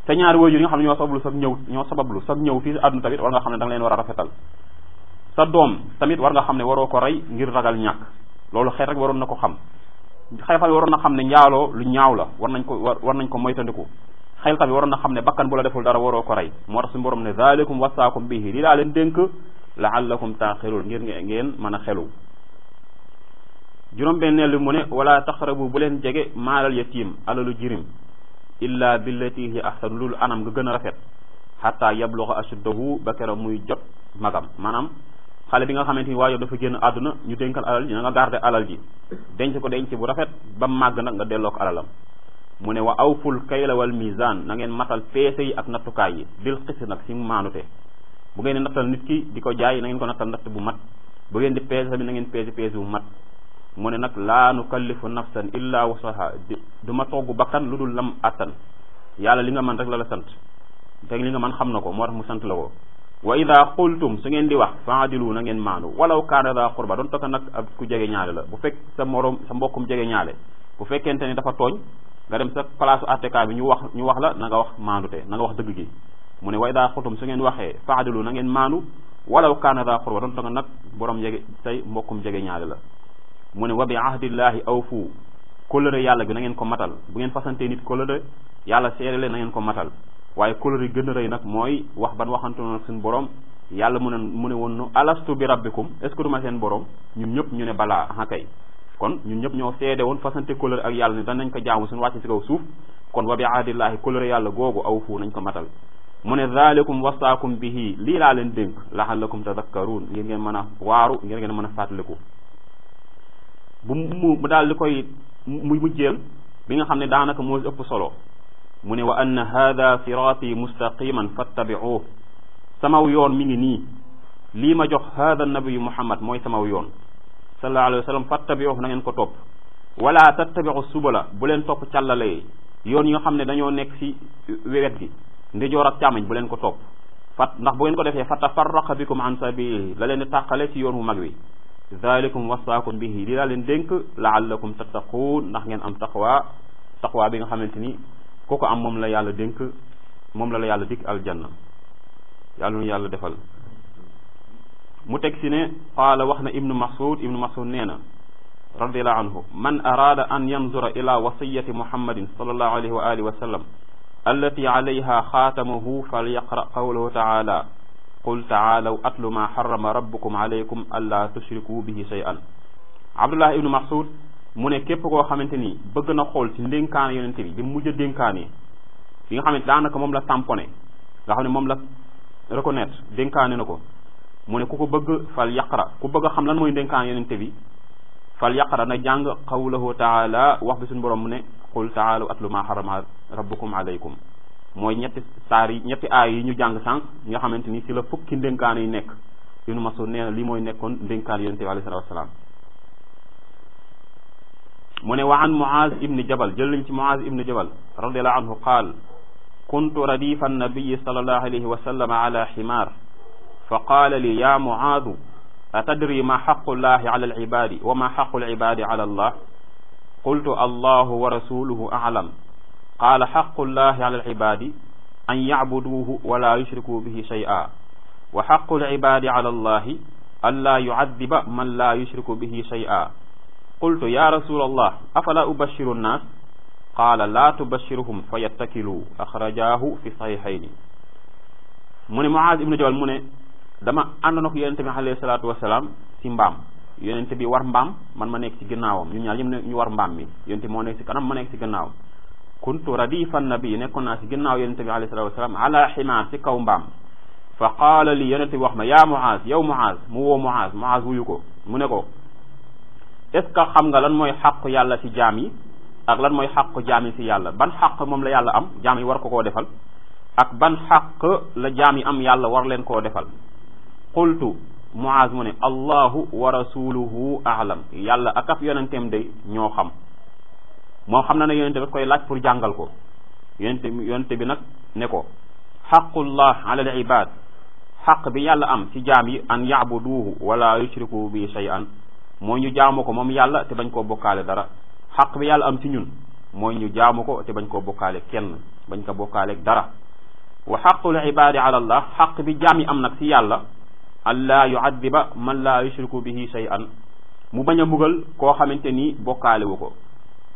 ñaari waajur yi nga xam ne ñoo sabablu sag ñëw ñoo sabablu sag ñëw fii àdduna tamit war nga xam ne da nga leen war a rafetal tamit war nga xam ne waroo ko rey ngir ragal ñàkk loolu xel rek waroon na ko xam xel tamit na xam ne njaaloo lu ñaaw la war nañ ko war nañ ko moytandiku xel tamit waroon xam ne bakkan bu deful dara waroo ko rey moo tax suñu borom ne zalikum wasaakum bihi lii laa leen dénk laallakum taaxiluun ngir ngeen mën a xelu juróom-benneelu mu ne wala taxarabu bu leen jege maalal yatiim alalu jirim illa billati hi ahsanu lul anam nga gën a rafet xataa yabluga ashuddahu ba keroog muy jot magam maanaam xale bi nga xamante ni waajo dafa génn àdduna ñu dénkal alal ji na nga garde alal ji denc ko denc bu rafet ba màgg nag nga delloo ko alalam mu ne wa awful kayla wal mizaan na ngeen matal peese yi ak nattukaay yi bil xis nag si bu ngeen di nattal nit ki di ko jaay na ngeen ko nattal natt bu mat bu ngeen di peese tamit na ngeen peese peese bu mat mu ne nag laa nu nukallifu nafsan illa wasaha du duma togg bakkan lu dul lam attan yàlla li nga man rek la la sant te li nga man xam na ko moo tax mu sant la ko wa ida qultum su ngeen di wax faadilu na ngeen maandu walaw kaana daa qurba doon tokka nag ab ku jege ñaale la bu fekk sa morom sa mbokkum jege ñaale bu fekkente ne dafa tooñ nga dem sa palaasu àttekaa bi ñu wax ñu wax la na nga wax maandu te na wax dëgg gi mu ne wa ida xutum su ngeen waxee faadilu na ngeen maanu walaw kaana daa xurba nag borom jege say mbokkum jege ñaale la mu ne wa bi ahdillahi awfu kóllëre yàlla bi na ngeen ko matal bu ngeen fasantee nit kóllëre yàlla seerele na ngeen ko matal waaye kóllëre gën a rëy nag mooy wax ban waxante noon suñu borom yàlla mu ne mu ne woon nu alastu bi rabbikum est ce que duma borom ñun ñëpp ñu ne balaa hakay kon ñun ñëpp ñoo seede woon fasante kóllëre ak yàlla ne danañ ko jaamu suñu wàcc si kaw suuf kon wa bi ahdillahi kóllëre yàlla googu awfu nañ ko matal mu ne zaalikum wasaakum bi lii laa leen dénk laxallakum tadakkaruun ngir ngeen mën a waaru ngir ngeen mën a fàttaliku bu mu mu daal di koy mu mujjeel bi nga xam ne daanaka moo ëpp solo mu ne wa anna haada siraati mustaqiman fattabi'uuh samaw yoon mi ngi nii lii ma jox haada nabiyu muhammad mooy samaw yoon sallallahu alayhi wa sallam na ngeen ko topp wala suba la bu leen topp càllale yoon yi nga xam ne dañoo nekk ci wet gi ndijoor ak càmmoñ bu len ko topp fat ndax bu ngeen ko defé fa tafarraqa bikum an sabili la len di tàqale ci yoonu magwi zalikum wasaakum bihi li la len dénk laallakum tattaquun ndax ngeen am taqwa taqwa bi nga xamanteni ni am mom la yàlla dénk mom la la yàlla dik al janna yàlla nu yàlla defal mu tek ci ne qaala waxna na ibnu masud ibnu masud neena na radiallahu anhu man araada an yanzura ila wasiyati muhammadin sallallahu alayhi wa alihi wa sallam التي عليها خاتمه فليقرأ قوله تعالى قل تعالوا أتل ما حرم ربكم عليكم ألا تشركوا به شيئا عبد الله بن مسعود من كيف هو خمنتني بغنا خول سي لين كان يونتي دي موجا دين كاني فيغا خمنت دانا كوم لا تامبوني دا خمن لا ريكونيت دين كاني نكو من كوكو بغ فال يقرا كو بغ دين كان يونتي بي فال قوله تعالى واخ بي qul taalu atlu ma harama rabbukum alaykum mooy ñetti saar yi ñetti aay yi ñu jàng sànq nga xamante ni si la fukki ndénkaan yi nekk ibnu masud nee na li mooy nekkoon ndénkaan yonente bi alayhi salatu wasalaam mu ne wa an muaz ibni jabal jël nañ ci muaz ibni jabal radiallahu anhu qaal كنت رديف النبي صلى الله عليه وسلم على حمار فقال لي يا معاذ أتدري ما حق الله على العباد وما حق العباد على الله قلت الله ورسوله أعلم قال حق الله على العباد أن يعبدوه ولا يشركوا به شيئا وحق العباد على الله ألا يعذب من لا يشرك به شيئا قلت يا رسول الله أفلا أبشر الناس قال لا تبشرهم فيتكلوا أخرجاه في صحيحين من معاذ ابن جبل من دما أننا نقي ينتمي عليه الصلاة والسلام سيمبام yonent bi war mbaam man ma nekk ci gannaawam ñun ñaar ñëpp ñu war mbaam mi yonent moo nekk ci kanam ma nekk ci gannaawam kuntu radifa nabi nekkoon naa ci gannaaw yonent bi alayhi salatu wasalaam ala ximaar ci kaw mbaam fa qaala li yonent bi wax ma yaa Muaz yow Muaz mu woo Muaz Muaz wuyu ko mu ne ko est ka xam nga lan mooy xàqu yàlla ci jaam yi ak lan mooy xàqu jaam yi ci yàlla ban xàq moom la yàlla am jaam yi war ko koo defal ak ban xàq la jaam yi am yàlla war leen koo defal Muaz mu ne allahu wa rasuluhu aalam yàlla ak af yonenteem day ñoo xam moo xam na ne yonente bi koy laaj pour jàngal ko yonente yonente bi nag ne ko xaqullah ala al ibad xaq bi yàlla am ci jaam yi an yaabuduuhu wala yushriku bi shay'an mooy ñu jaamu ko moom yàlla te bañ koo bokkaale dara xaq bi yàlla am ci ñun mooy ñu jaamu ko te bañ koo bokkaale kenn bañ ko bokkaaleek dara wa xaq bi jaam yi am nag ci yàlla allah yuaddiba man la yushriku bihi shay'an mu baña mugal ko xamanteni bokale wuko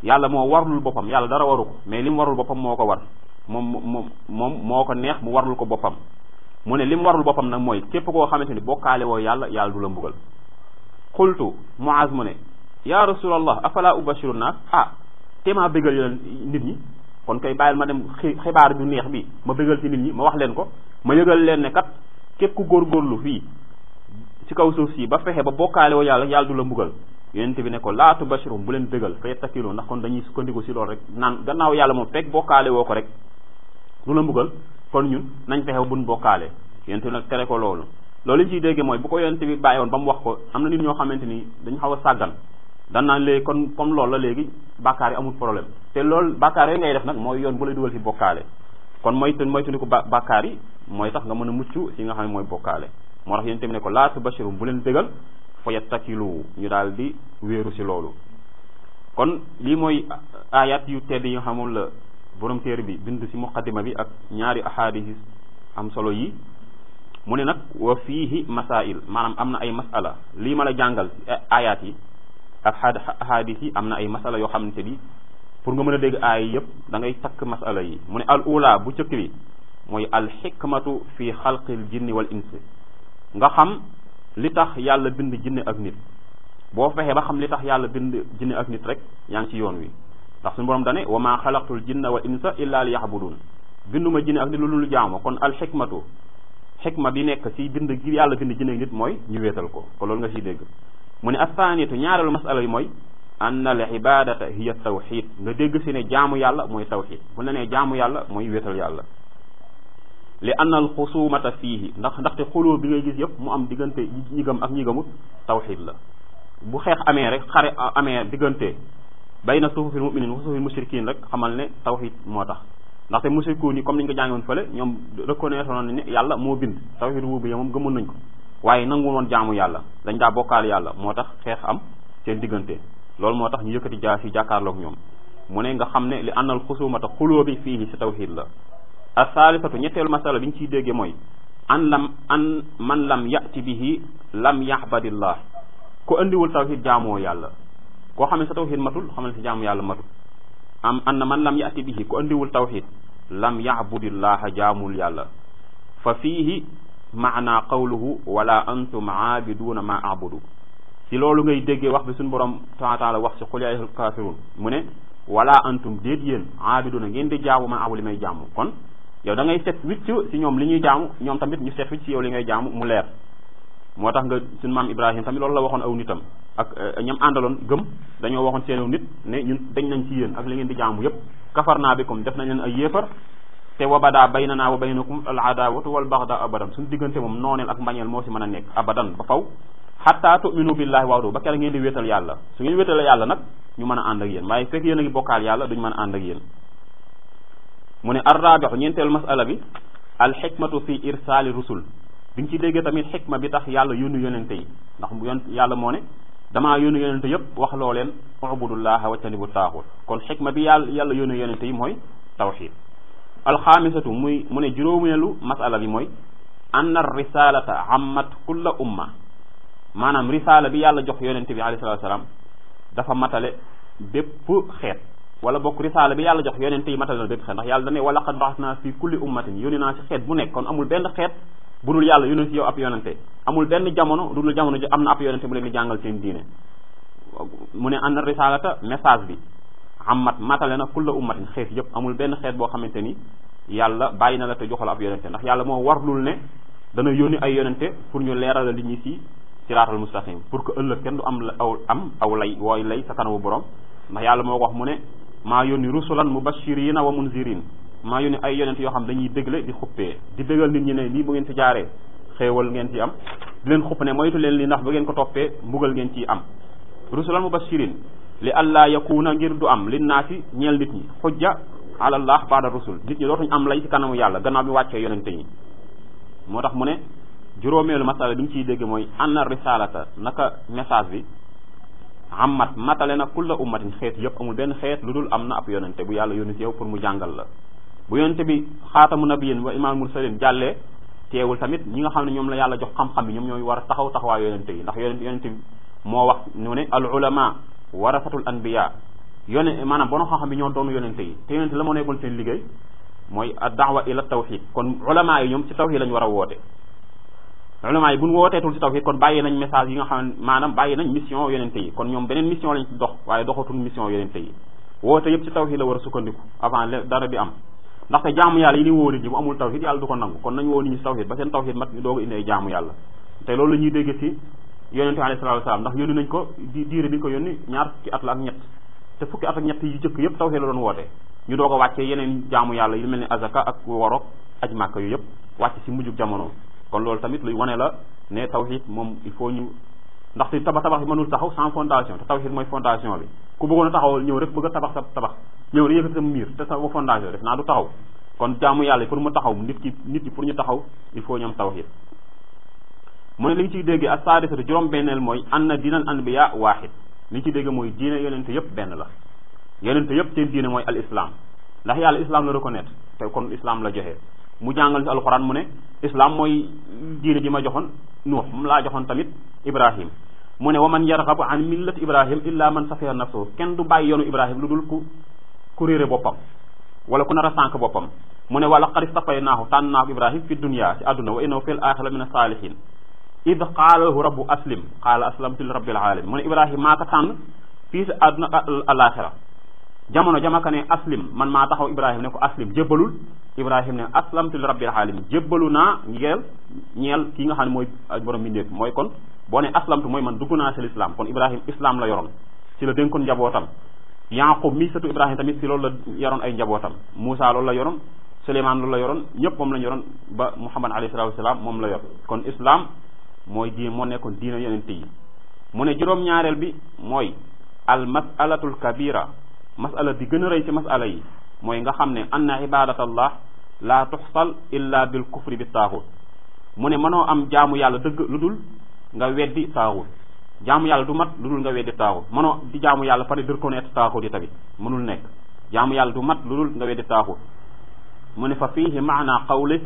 yàlla mo warul bopam yàlla dara waruko mais lim warul bopam moko war mom mom moom neex mu warul ko bopam mune lim warul bopam nak moy kep ko xamanteni bokale wo yàlla yàlla dula mugal qultu muaz mune ya rasulallah afala ubashiruna ha ah téemaa bégal yon nit ñi kon kay bayal ma dem xibaar du neex bi ma bégal ci nit ñi ma wax len ko ma yëgal len ne kat kep ku gorlu fi ci kaw suuf si ba fexe ba bokkaale woo yàlla yàlla du la mbugal yonente bi ne ko laatu bashirum bu leen bégal fa yettakilu ndax kon dañuy sukkandiku si loolu rek naan gannaaw yàlla moom fekk bokkaale woo ko rek du la mbugal kon ñun nañ fexe buñ bokkaale yonente bi nag tere ko loolu loolu liñ ciy dégge mooy bu ko yonente bi bàyyi woon ba mu wax ko am na nit ñoo xamante ni dañ xaw sàggan dan naan léegi kon comme lool la léegi bakkaar yi amul problème te loolu bàkkaar ngay def nag mooy yoon bu lay dugal si bokkaale kon moytu moytu ni ko bàkkaar yi mooy tax nga mën a mucc si nga xam ne mooy bokkaale moo tax yéen tamit ne ko laa tubashirum bu leen bégal fa yattakilu ñu daal di wéeru si loolu kon lii mooy ayat yu tedd yi nga xamul la borom téere bi bind si muqaddima bi ak ñaari ahadis am solo yi mu ne nag wa fiihi masail maanaam am na ay masala lii ma la jàngal ci ayaat yi ak ahadis yi am na ay masala yoo xamante ni pour nga mën a dégg aaya yëpp da ngay takk masala yi mu ne al ula bu cëkk bi mooy al xikmatu fi xalqil jinni wal insi nga xam li tax yàlla bind jinne ak nit boo fexee ba xam li tax yàlla bind jinne ak nit rek yaa ngi ci yoon wi ndax suñu borom dane wa maa xalaqtul jinna wal insa illa li yaxbudun binduma jinne ak nit lu lu jaam kon al xikmatu xikma bi nekk ci bind gi yàlla bind jinne ak nit mooy ñu wéetal ko ko loolu nga ciy dégg mu ne astaanitu ñaareelu masala yi mooy ann al ibadata hiya tawxid nga dégg si ne jaamu yàlla mooy tawxid bu ne nee jaamu yàlla mooy wéetal yàlla li anal khusumata fihi ndax ndax te xolo bi ngay gis yëpp mu am diggante ñi gëm ak ñi gëmut tawxid la bu xex amé rek xare amé diggante bayna suhufil muminin wa suhufil mushrikin rek xamal ne tawhid motax ndax te mushrikuun ni comme niñ ko jàngoon fële ñom reconnaître non ni yàlla mo bind tawhid wubu ya moom gëmon nañ ko waye nangul won jaamu yàlla dañ da bokal yàlla motax xex am ci diggante lol motax ñu yëkëti jaa si jàkkaarloog ñoom mu ne nga xamne li anal khusumata khulubi fihi fii si la asaalisatu ñetteelu masala bi ñu ciy déggee mooy an la an man lam yati bihi lam yahbadillah ko indiwul tawhid jaamoo yàlla koo xam ne sa tawhid matul xamal sa jaamu yàlla matul am an man lam yati bihi ko andiwul tawhid lam yahbudillaha jaamul yàlla fa fiihi maana qawluhu wala antum aabiduuna ma abudu ci loolu ngay déggee wax bi suñu borom taala wax ci qul yaa ayyuhal kaafiruun mu ne wala antum déet yéen aabiduuna ngeen di jaamu ma abu li may jaamu kon yow da ngay set wicc si ñoom li ñuy jaamu ñoom tamit ñu set wicc si yow li ngay jaamu mu leer moo tax nga suñu maam Ibrahima tamit lool la waxoon aw nitam ak eh, ñam àndaloon gëm dañoo waxoon seen aw nit ne ñun dañ nañ ci yéen ak li ngeen di jaamu yépp kafar naa bi comme def nañ leen ay yéefar te wabadaa baynanaa wa baynakum al adawatu wal baxda abadan suñu diggante moom nooneel ak mbañeel moo ci mën a nekk abadan ba faw xatta tuminu billahi wahdahu ba kere ngeen di yàlla su ngeen wéetal yàlla nag ñu mën a ànd ak yéen waaye fekk yéen a ngi yàlla duñ mën a ànd yéen mu ne arraabihu ñeenteelu masala bi alxikmatu fi irsaali rusul bi ñu ci déggee tamit xikma bi tax yàlla yónni yonente yi ndax yoon yàlla moo ne damaa yónni yonente yëpp wax loo leen ubudullaha wajtanibu taaxut kon xikma bi yàlla yàlla yónni yonente yi mooy tawxid alxaamisatu muy mu ne juróomeelu masala bi mooy anna risalata ammat kulla umma maanaam risaala bi yàlla jox yonente bi alayhi salaatu salaam dafa matale bépp xeet wala bokk risala bi yàlla jox yonent yi matal bépp xeet ndax yàlla dane wala qad ba'athna fi kulli ummatin yónni ci xet bu nekk kon amul benn xet budul yàlla yónni yow ap yonente amul benn jamono dudul jamono ji amna ap ab yonente bu leen di jàngal seen diine mu ne ànd risaalata message bi amat matalena kulli ummatin xet yëpp amul benn xet bo xamanteni yàlla bayina la te joxal ap yonente ndax yàlla mo warlul ne dana yoni ay yonente pour ñu leeralal li ñi ci siratul mustaqim pour que ëllëg kenn du am am aw lay wooy lay sa kanamu borom ndax yàlla moo wax mu ne ma yoni rusulan mubashirin wa munzirin ma yoni ay yonent yo xam dañuy deggle di xuppe di deggal nit ñi ne li bu ngeen ci jaaree xewal ngeen ci am di len xuppe ne moytu len li nax bu ngeen ko toppee mbugal ngeen ci am rusulan mubashirin li alla yakuna ngir du am lin nasi ñel nit ñi ala allah ba'da rusul nit ñi dootuñ am lay ci kanamu yàlla gannaaw bi wacce yonent yi motax mu ne juromelu masala bi ciy degge moy anna risalata naka message bi amat matale na kulla ummatin xeet yëpp amul benn xeet lu dul am na ab yonente bu yàlla yónni ci yow pour mu jàngal la bu yonente bi xaatamu nabiyin wa imaamul mursalin jàllee teewul tamit ñi nga xam ne ñoom la yàlla jox xam-xam bi ñoom ñooy war a taxaw taxawaa yonente yi ndax yonente yonente bi moo wax ñu ne al ulama warasatul anbiya yone maanaam borom xam-xam bi ñoo doonu yonente yi te yonente la moo nekkoon seen liggéey mooy ad daawa ila tawxid kon ulama yi ñoom ci tawxid lañ war a woote ulama yi bu ñu wooteetul ci tawhid kon bàyyi nañ message yi nga xam ne maanaam bàyyi nañ mission yonente yi kon ñoom beneen mission lañ ci dox waaye doxatul mission yonente yi woote yëpp ci tawhid la war a sukkandiku avant dara bi am ndaxte jaamu yàlla yi ni woo nit ñi bu amul tawhid yàlla du ko nangu kon nañ woo nit ñi ci tawhid ba seen tawhid mat ñu doog a indi ay jaamu yàlla te loolu la dégg ci yonente alayhi salaatu ndax yónni nañ ko di diire bi ko yónni ñaar fukki at la ak ñett yi jëkk yëpp tawhid la doon woote ñu doog a wàccee yeneen jaamu yàlla yi mel ni azaka ak worok aj màkka yu yëpp wàcc ci mujjug jamono kon loolu tamit luy wane la ne tawxid moom il faut ñu ndaxte tabax tabax bi mënul taxaw sans fondation te tawxid mooy fondation bi ku bëggoon a taxawal ñëw rek bëgg a tabax sa tabax ñëw rek yëkkati sa miir te sa fondation def naa du taxaw kon jaamu yàlla pour mu taxaw nit ki nit ki pour ñu taxaw il faut ñu am tawxid mu ne li ñu ciy déggee ak saadisatu juróom benneel mooy na anna diinal anbiya waahid li ñu ciy déggee mooy diine yonente yëpp benn la yonente yëpp seen mooy al ndax yàlla islam la reconnaître te kon islam la joxe mu jàngal ci alxuraan mu ne islam mooy diine ji ma joxoon nuux moom laa joxoon tamit ibrahim mu ne wa man yarxabu an millati ibrahim illa man safiha nafsuhu kenn du bàyyi yoonu ibrahim lu dul ku ku réere boppam wala ku nar a boppam mu ne wala xaris tafay naaxu tànn naaxu ibrahim fi dunia ci àdduna wa innahu fil axira min asalihin id qaalahu rabbu aslim qaala aslamtu li rabbil alamin mu ne ibrahim maa tànn fii si àdduna alaxira jamono jamaka ne man maa taxaw ibrahim ne ko aslim jébbalul ibrahim ne aslamtu li rabbil alamin jébbalu naa ngeel ñeel kii nga xam ne mooy ak borom mbindeef mooy kon boo ne aslamtu mooy man dugg naa ci lislaam kon ibrahim islam la yoroon ci la dénkoon njabootam yaaqub mi sëtu ibrahim tamit ci la yoroon ay njabootam Moussa loolu la yoroon Souleymane yoroon ñëpp moom la ñu yoroon ba Muhammad moom la yor kon islam mooy di moo nekkoon diina yonent yi mu ne juróom-ñaareel bi mooy al masalatul kabira masala di gën a rëy ci masala yi mooy nga xam ne anna ibadat laa tuxsal illa bil kufri bi taaxut mu ne mënoo am jaamu yàlla dëgg lu dul nga weddi taaxut jaamu yàlla du mat lu dul nga weddi taaxut mënoo di jaamu yàlla pare di reconnaître taaxut yi tamit mënul nekk jaamu yàlla du mat lu dul nga weddi taaxut mu ne fa fiihi maana qawli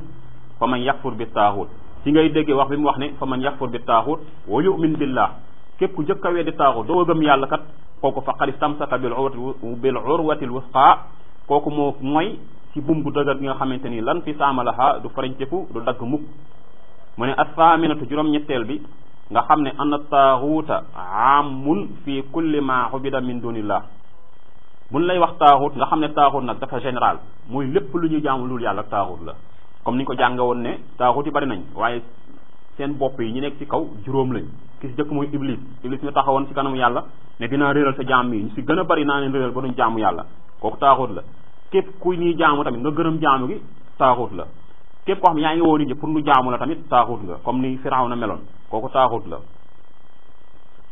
fa man yakfur bi taaxut ci ngay déggee wax bi mu wax ne fa man yakfur bi taaxut wa yumin billah képp ku jëkk a weddi taaxut doo gëm yàlla kat kooku faqad istamsaka bil urwati bil urwati lwusqa kooku moo mooy ci bum bu dëgër bi nga xamante ni lan fi saamalaha du farañteku du dagg mukk mu ne asaaminatu juróom-ñetteel bi nga xam ne anna taaxuuta aamun fi kulli ma xubida min dunillah buñ lay wax taaxut nga xam ne taaxut nag dafa général muy lépp lu ñu jaamu lul yàlla taaxut la comme ni ñu ko jànge woon ne taaxut yi bari nañ waaye seen bopp yi ñu nekk ci kaw juróom lañ ki si jëkk muy iblis iblis ñu taxawoon ci kanamu yàlla ne dinaa réeral sa jaam yi ñu si bari naa leen réeral ba yàlla kooku taaxut la képp ku ñuy jaamu tamit nga gërëm jaamu gi taaxut la képp ko xam yaa ngi woo nit ñi pour lu jaamu la tamit taaxut nga comme ni na meloon kooku taaxut la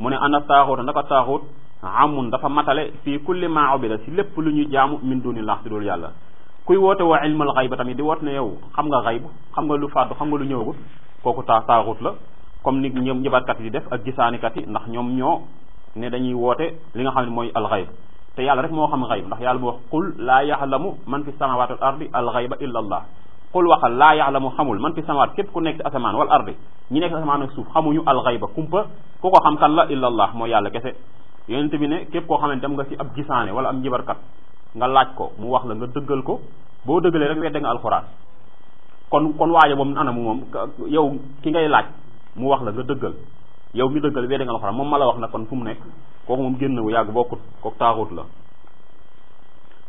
mu ne ana taaxuta ndaka taaxut amun dafa matale fii kulli maa ubida si lépp lu ñuy jaamu min dunillah si yàlla kuy woote woo ilmal xayba tamit di woote ne yow xam nga xayb xam nga lu fàddu xam nga lu ñëwagut kooku taa taaxut la comme ni ñëw ñëbaatkat yi di def ak gisaanikat yi ndax ñoom ñoo ne dañuy woote li nga xam ne mooy alxayb te yàlla rek moo xam xayb ndax yàlla moo wax qul laa yaxlamu man fi samawati wal ardi al xayba illa allah qul waxal laa yaxlamu xamul man fi samawat képp ku nekk ci asamaan wal ardi ñi nekk ci asamaan ak suuf xamuñu al xayba kumpa ku ko xam kan la illa allah mooy yàlla kese yonente bi ne képp koo xam ne dem nga ci ab gisaane wala am njibarkat nga laaj ko mu wax la nga dëggal ko boo dëggalee rek wedde nga alxuraan kon kon waaja moom anamu moom yow ki ngay laaj mu wax la nga dëggal yow mi dëggal weede nga alxuraan moom ma la wax nag kon fu mu nekk kooku moom génn wu yàgg bokkut kooku taaxut la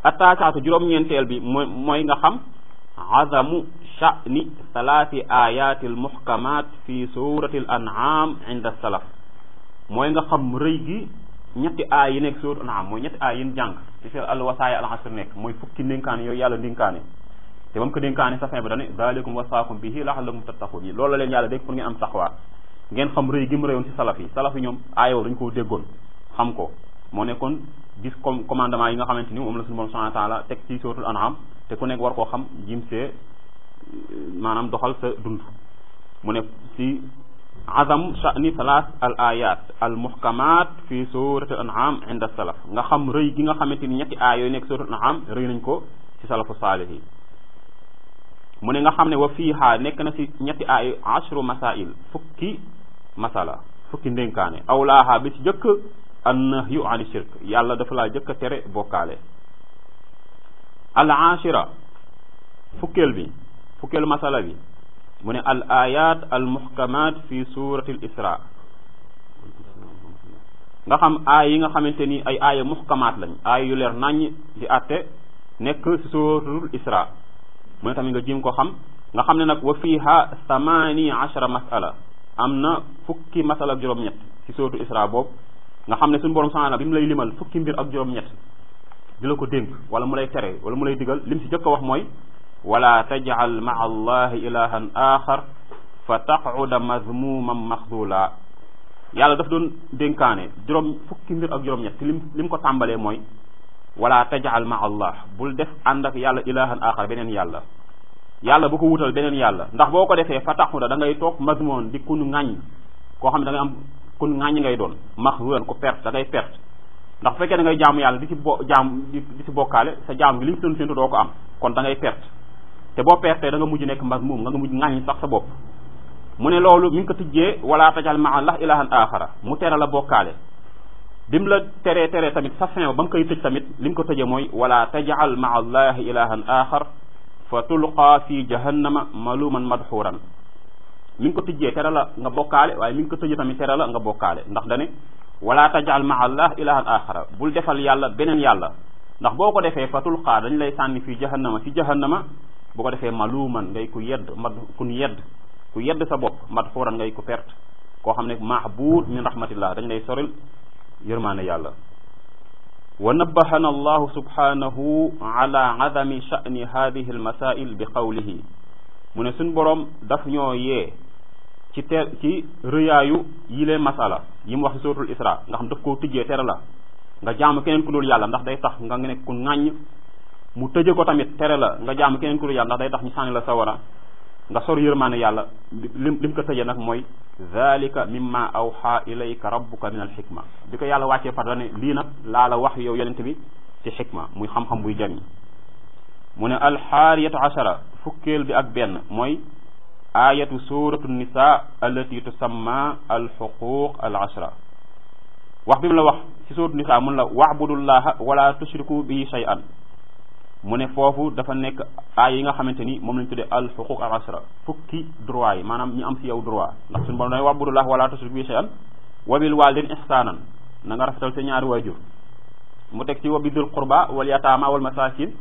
attaacaatu juróom-ñeenteel bi mooy mooy nga xam azamu sha'ni salaati ayaati al muhkamaat fi surati al an'am inda salaf mooy nga xam rëy gi ñetti aay yi nekk suuratu an'am mooy ñetti aay yi ñu jàng ci seen al wasaaya al asr nekk mooy fukki ndénkaane yooyu yàlla ndénkaane te moom ko dénkaane sa fin bi dane zalikum wasaakum bihi la'allakum tattaqun yi loolu la leen yàlla de pour ngeen am taqwa ngeen xam rëy gi mu rëyoon ci salaf yi salaf yi ñoom aayoo dañ koo déggoon xam ko moo nekkoon gis comme commandement yi nga xamante ni moom la suñu borom subhanahu wa taala teg ci suratul an'am te ku nekk war koo xam jim see maanaam doxal sa dund mu ne ci azam sha'ni salas al ayat al fi suratul an'am inda salaf nga xam rëy gi nga xamante ni ñetti aay yooyu nekk suratul an'am rëy nañ ko ci salafu saalih yi mu ne nga xam ne wa fiiha nekk na ci ñetti aay ashru masail masala fukki ndénkaane aw laahaa bi ci jëkk an nahyu ani shirk yàlla dafa laa jëkk tere bokkaale al ashira fukkeel bi fukkeel masala bi mu ne al ayat al muhkamat fi surati al isra nga xam aay yi nga xamante ni ay aaya muhkamaat lañ aay yu leer naññ di àtte nekk si suratul isra mu ne tamit nga jim ko xam nga xam ne nag wa fiha masala am na fukki masala ak juróom-ñett ci sootu isra boob nga xam ne suñu borom subhanahu bi mu lay limal fukki mbir ak juróom-ñett di la ko dénk wala mu lay tere wala mu lay digal lim si jëkk a wax mooy wala tajal maa allahi ilahan axar fa taquda mazmuman daf doon dénkaane juróom fukki mbir ak juróom-ñett ci lim ko tàmbalee mooy wala tajal ma allah bul def ànd ak yàlla ilahan axar beneen yàlla yàlla bu ko wutal beneen yàlla ndax boo ko defee fa taxuda da ngay toog mazmoon di kun ŋàññ koo xam ne da ngay am kun ŋàññ ngay doon max wén ko perte da ngay perte ndax fekkee dangay ngay jaamu yàlla di ci bo jaam di ci bokkaale sa jaam li ñu doon séntu doo ko am kon da ngay perte te boo perte danga mujj nekk mazmum nga nga mujj ŋàññ sax sa bopp mu ne loolu mi ngi ko tijjee wala tajal maa lax ilahan axara mu tere la bokkaale bi mu la teree tere tamit sa ba mu koy tamit li mu ko tëjee mooy wala tajal maa allahi ilahan axar فتلقى fi جهنم maluman madhuran من ngi ko tijjee tere nga bokale way min ko tëjee tammi tere la nga bokale ndax dane wala tajal ma allah ilahan axara bul defal yàlla benen yàlla ndax boko ko fatul qa dañ lay sànni fi jahannama fi jahannama boko defee maluman ngay ku yedd mad kun yedd ku yedd sa mad madhuran ngay ku perte ko xamne ne min rahmatillah dañ lay soril yermane yàlla ونبهنا الله سبحانه على عظم شأن هذه المسائل بقوله من سن بروم داف ньо yé ci ter ci reyaayu yile masala yi mu wax ci suratul isra nga xam daf koo tijjee tere la nga jaamu keneen ku dul yàlla ndax day tax nga nekk ku ŋàññ mu tëje ko tamit tere la nga jaamu keneen ku dul yàlla ndax day tax ñu sànni la sawara nga sor yermane yàlla lim ko tëjee nak moy zalika mimma awha ilayka rabbuka min alhikma diko yàlla wacce par li nak la la wax yow yonent bi ci hikma muy xam-xam buy jani mun ne alxaariyatu achara fukkeel bi ak ben moy ayatu suratu nisa allati tusamma alxuquq al achara wax bi la wax ci suratu nisa mun la wabudullaha wala tushriku bi shay'an mu ne foofu dafa nekk aay yi nga xamante ni moom lañ tuddee al xuquq al asra fukki droit yi maanaam ñu am si yow droit ndax suñu borom day wabudullah wala tusrik bi shay'an wa bil walidain ihsanan na nga rafetal sa ñaari waajur mu teg ci wa bidul qurba wal yataama wal masakin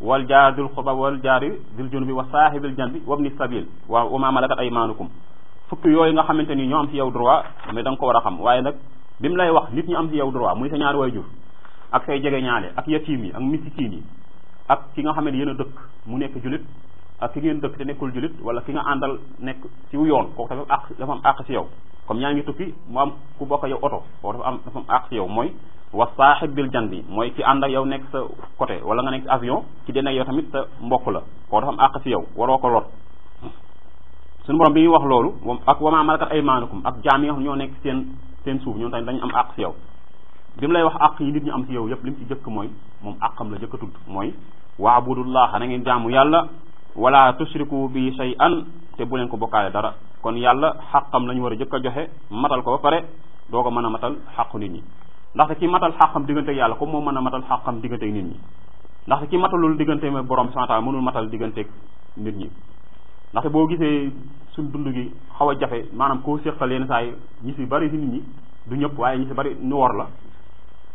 wal jaar dul qurba wal jaari dul junubi wa saahibil janbi wabni sabil wa wa ma malakat aymanukum fukki yooyu nga xamante ni ñoo si yow droit mais da ko war a xam waaye nag bi mu lay wax nit ñu am si yow droit muy sa ñaari waajur ak say jege ñaane ak yatiim yi ak misikiin yi ak ki nga xam ne yéen a dëkk mu nekk julit ak ki ngeen dëkk te nekkul julit wala ki nga àndal nekk ci yoon kooku tamit àq dafa am àq si yow comme ñaa ngi tukki mu am ku bokk oto kooku dafa am dafa am àq si yow mooy wa saaxib bil janbi mooy ki àndak ak yow nekk sa côté wala nga nekk sa avion ki den ak yow tamit sa mbokk la kooku dafa am àq si yow waroo ko lor suñu borom bi ñuy wax loolu ak wamaa malakat aymanukum ak jaam yi nga xam ñoo nekk seen seen suuf ñoom tamit dañu am àq si yow bi mu lay wax àq yi nit ñu am si yow yëpp li mu ci jëkk mooy moom àqam la jëkk a tudd mooy waabudullaha a ngeen jaamu yàlla wala tushriku bi ann te bu leen ko bokkaale dara kon yàlla xaqam la ñu war a jëkk a joxe matal ko ba pare doo ko mën a matal xaqu nit ñi ndaxte ci matal xaqam diggante ak yàlla comme moo mën a matal xaqam diggante ak nit ñi ndaxte ki matalul diggante ma borom subhanahu wa mënul matal diggante ak nit ñi ndaxte boo gisee suñ dund gi xaw a jafe maanaam koo séqal yenn saa yi ñi si bari si nit ñi du ñëpp waaye ñi ci bari ñu wor la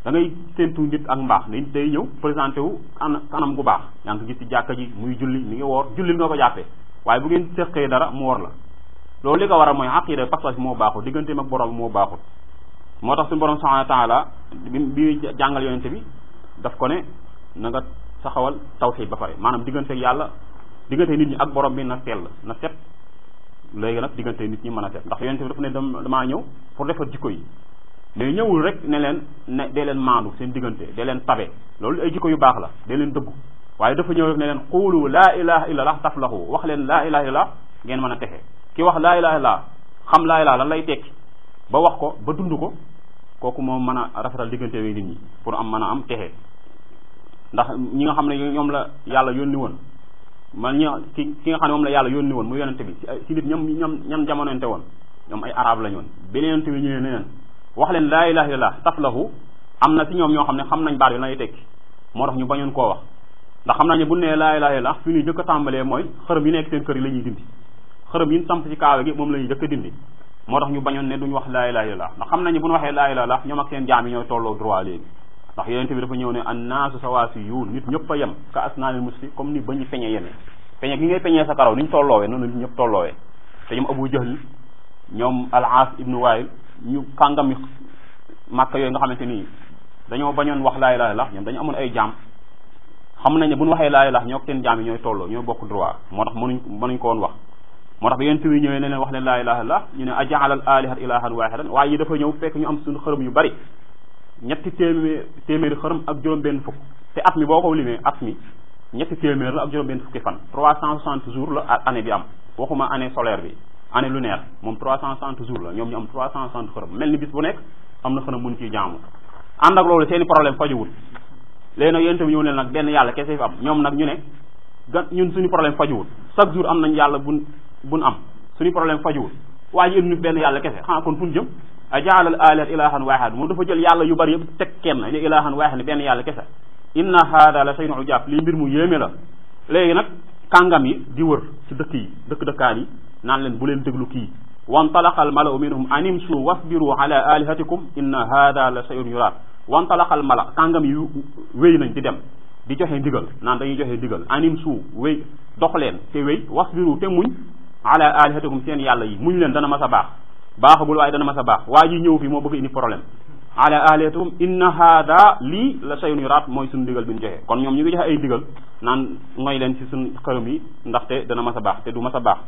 da ngay séentu nit ak mbaax nit day ñëw présenté wu kanam gu baax yaa ngi ko gis ci jàkka ji muy julli mi ngi woor julli nga ko jàppee waaye bu ngeen séqee dara mu wor la loolu li ko war a mooy aqida pas-pas moo baaxul digganteem ak borom moo baaxul moo tax suñu boroom subhanahu wa taala bi bi jàngal yonente bi daf ko ne na nga taw tawxid ba pare maanaam diggante yàlla diggante nit ñi ak borom bi na sell na set léegi nag diggante nit ñi mën a set ndax yonente bi dafa ne damaa ñëw pour defar jikko yi day ñëwul rek ne leen ne de leen maandu seen diggante de leen tabe loolu ay jikko yu baax la de leen dëggu waaye dafa ñëw rek ne leen xuulu laa ilaha illallah taflahu wax leen laa ilaha la ngeen mën a texe ki wax laa ilaha illallah xam laa ilaha la lay tekki ba wax ko ba dund ko kooku moo mën a rafetal diggante wi nit ñi pour am man a am texe ndax ñi nga xam ne ñoom la yàlla yónni woon man ñi ki ki nga xam ne moom la yàlla yónni woon mu yonente bi ci nit ñam ñam ñam woon ñoom ay arab lañu woon beneen yonente wax leen laa ilaha illallah taflahu am na si ñoom ñoo xam ne xam nañ baat bi lay tekki moo tax ñu bañoon koo wax ndax xam nañ ne bu nee laa ilaha illallah fi ñuy jëkk tàmbalee mooy xërëm yi nekk seen kër yi la ñuy dindi xërëm yi ñu samp ci kaawe gi moom la ñuy jëkk dindi moo tax ñu bañoon ne duñu wax laa ilaha illallah ndax xam nañ bu ñu waxee laa ilaha illallah ñoom ak seen jaam yi ñooy tolloo droit léegi ndax yonente bi dafa ñëw ne annaasu a yem comme ni bañu peñe yemee peñe gi ngay peñee sa karaw ni ñu tolloowee noonu nit ñëpp tolloowee te ñoom abu jahl ñoom al aas ñu kàngami màkk yooyu nga xamante ni dañoo bañoon wax laa ilaaha illallaah ñoom dañu amoon ay jaam xam nañ ne bu nu waxee laa ilaaha ñoo kenn seen jaam yi ñooy tolloo ñoo bokk droit moo tax mënuñ mënuñ ko woon wax moo tax ba yonent bi ñëwee ne wax ne laa ilaaha illallaah ñu ne ajaala al aalihat ilaahan waahidan waaye yi dafa ñëw fekk ñu am suñu xërëm yu bari ñetti téeméer téeméeri xërëm ak juróom-benn fukk te at mi boo ko limee at mi ñetti téeméer la ak juróom-benn fukki fan 360 jours la année bi am waxuma année solaire bi année lunaire mom 360 jours la ñom ñu am 360 xorom melni bis bu nekk amna xana xërëm mun ciy jaamu ànd ak lolu seen problème fajuwut wul leena yéen itam ñëw leen nag benn yàlla kessé fi am ñom nak ñu ne ñun suñu problème wul chaque jour am yàlla bun bun am suñu problème fajuwut wul waji ñu ben yàlla kessé xana kon fun jëm a al aliat ilahan wahid moom dafa jël yàlla yu bari yeb tek kenn ni ilahan wahid ben yàlla kessé inna hadha la shay'un ujaab li mbir mu yeme la legi nak kàngam yi di wër ci dëkk yi dëkk dëkkani naan leen bu leen déglu kii wantalaqa al malau minhum animsu wasbiru ala alihatikum inna hada la shay'un yuraab wantalaqa al mala kàngam yu wéy nañ di dem di joxe ndigal naan dañuy joxe ndigal animsu wéy dox leen te wéy wasbiru te muñ ala alihatikum seen yàlla yi muñ leen dana mas a baax baaxagul waaye dana mas a baax waa ji ñëw fi moo bëgg indi problème ala alihatikum inna hada lii la shay'un yuraab mooy suñu ndigal bi ñu joxe kon ñoom ñu ngi joxe ay ndigal naan mooy leen ci suñ xërëm yi ndaxte dana mas a baax te du mas a baax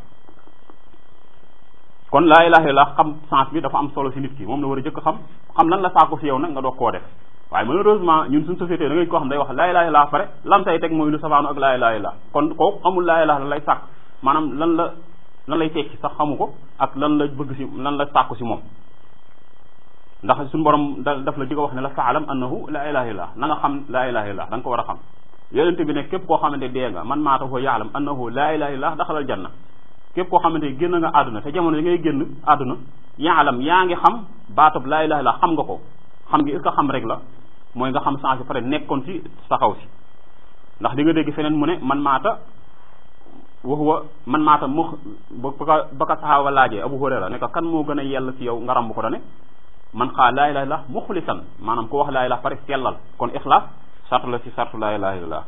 kon la ilaha illallah xam sens bi dafa am solo ci nit ki mom la wara jëk xam xam lan la saako fi yow nak nga do ko def waye malheureusement ñun suñu société da ngay ko xam day wax la ilaha illallah pare lam tay tek moy lu safaanu ak la ilaha illallah kon ko amul la ilaha lay sàkk manam lan la lan lay tekki sax xamuko ak lan la bëgg ci lan la sàkku ci mom ndax suñu borom daf la diko wax ne la fa'lam annahu la ilaha illallah na nga xam la ilaha illallah da nga ko wara xam yonente bi ne kep ko xamante de nga man maata foo ya'lam annahu la ilaha illallah daxalal janna képp koo xamante ne génn nga àdduna te jamono da ngay génn àdduna yaalam yaa ngi xam baatub laa ilaha illa xam nga ko xam ngi est ce que xam rek la mooy nga xam sens bi pare nekkoon ci saxaw si ndax di nga dégg feneen mu ne man maata waxuwa man maata mu ba ba ka saxaaba laajee abu hurayra ne ko kan moo gën a yell si yow nga ramb ko da ne man xaa laa ilaha illa muxlisan maanaam ku wax laa ilaha pare sellal kon ixlaas sartu la si sartu laa ilaha illa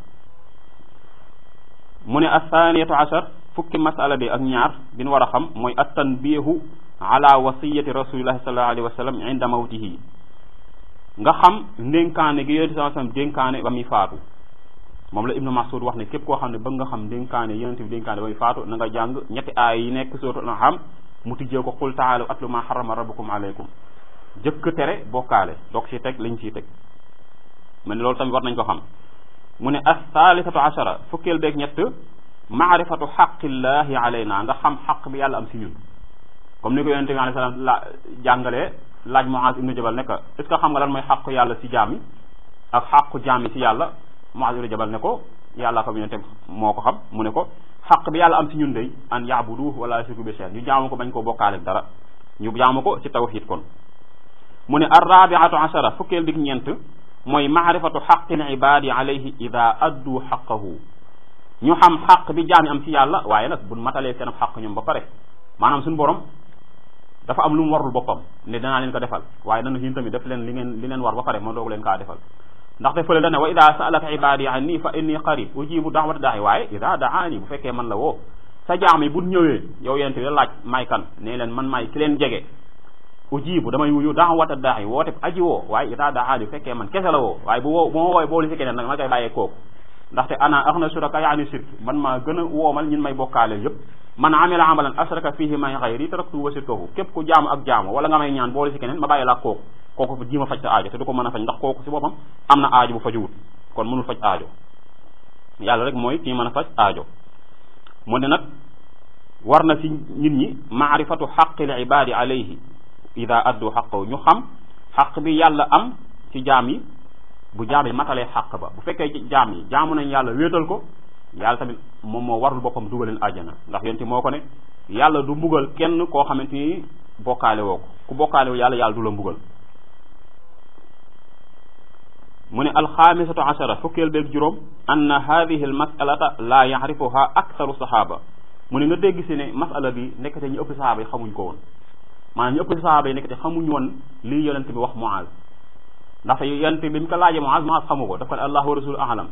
mu ne asaniyatu asar fukki masala bi ak ñaar bi ñu war a xam mooy at tanbihu ala wasiyati rasulillahi sallallahu alayhi wa sallam inda mawtihi nga xam ndénkaane gi yonente bi sallam dénkaane ba muy faatu moom la ibnu masud wax ne képp koo xam ne ba nga xam dénkaane yonente bi dénkaane ba muy faatu na nga jàng ñetti aay yi nekk sootul na xam mu tijjee ko qul taalu atlu ma xarama rabbukum aleykum jëkk tere bokkaale doog si teg lañ siy teg ma ne loolu tamit war nañ ko xam mu ne as saalisatu maarifatu xaqillahi alayna nga xam xaq bi yàlla am si ñun comme ni ko yonente bi alayhi salaam la jàngalee laaj Muaz ibnu Jabal nekk est ce xam nga lan mooy xaqu yàlla si jaam ak xaqu jaam ci si yàlla Muaz ibnu Jabal ne ko yàlla ko yonente moo ko xam mu ne ko xaq bi yàlla am si ñun day an yaabuduhu wala yushriku bi shay'an ñu jaamu ko bañ koo bokkaale dara ñu jaamu ko si tawxiid kon mu ne arrabiatu achara fukkeel dig ñeent mooy maarifatu xaqil ibaadi alayhi ida addu xaqahu ñu xam xaq bi jaam yi am ci yàlla waaye nag buñ matalee seen xaq ñoom ba pare maanaam suñu borom dafa am lu mu warul boppam ne danaa leen ko defal waaye nanu yéen tamit daf leen li ngeen li leen war ba pare ma doog leen kaa defal ndaxte fële dane wa ida saalaka ibadi anni fa inni qarib ujibu daawata daa'i waaye ida daani bu fekkee man la woo sa jaam yi bu ñëwee yow yent bi laaj may kan ne leen man may ki leen jege ujibu damay wuyu daawata daa'i woote aji woo waaye ida daani bu fekkee man kese la woo waaye bu woo bu ma wooy boo li fekkee ne nag ma koy bàyyee kooku ndaxte ana akhna shuraka yani shirk man ma gëna womal ñin may bokale yëp man amila amalan asraka fihi ma ghayri taraktu wasirkahu kep ku jaamu ak jaamu wala nga may ñaan boole ci keneen ma bayila laa kooku kooku ji ma faj aaju te duko mëna fajj ndax koku ci bopam amna aaju bu bu wut kon mënul fajj aaju yàlla rek moy kii mëna fajj aaju mo ne nak warna ci si nit ñi ma'rifatu haqqil ibadi alayhi ida addu xaqaw ñu xam haqq bi yàlla am ci jaam yi bu jaam yi matalee xàq ba bu fekkee ci jaam yi jaamu nañ yàlla wéetal ko yàlla tamit moom moo warul boppam dugaleen àjjana ndax yonent moo ko ne yàlla du mbugal kenn koo xamante ni bokkaale woo ko ku bokkaale yàlla yàlla du la mbugal mu ne alxaamisatu achara fukkeel beeg juróom anna haadihi almasalata laa yaxrifuha aktharu sahaaba mu ne nga dégg si ne masala bi nekkate ñu ëpp sahaaba yi xamuñ ko woon maanaam ñu ëpp sahaaba yi nekkate xamuñ woon lii yonent wax ndax yonent bi mu ko laaje Muaz Muaz xamugo ko daf ko allahu wa rasul alam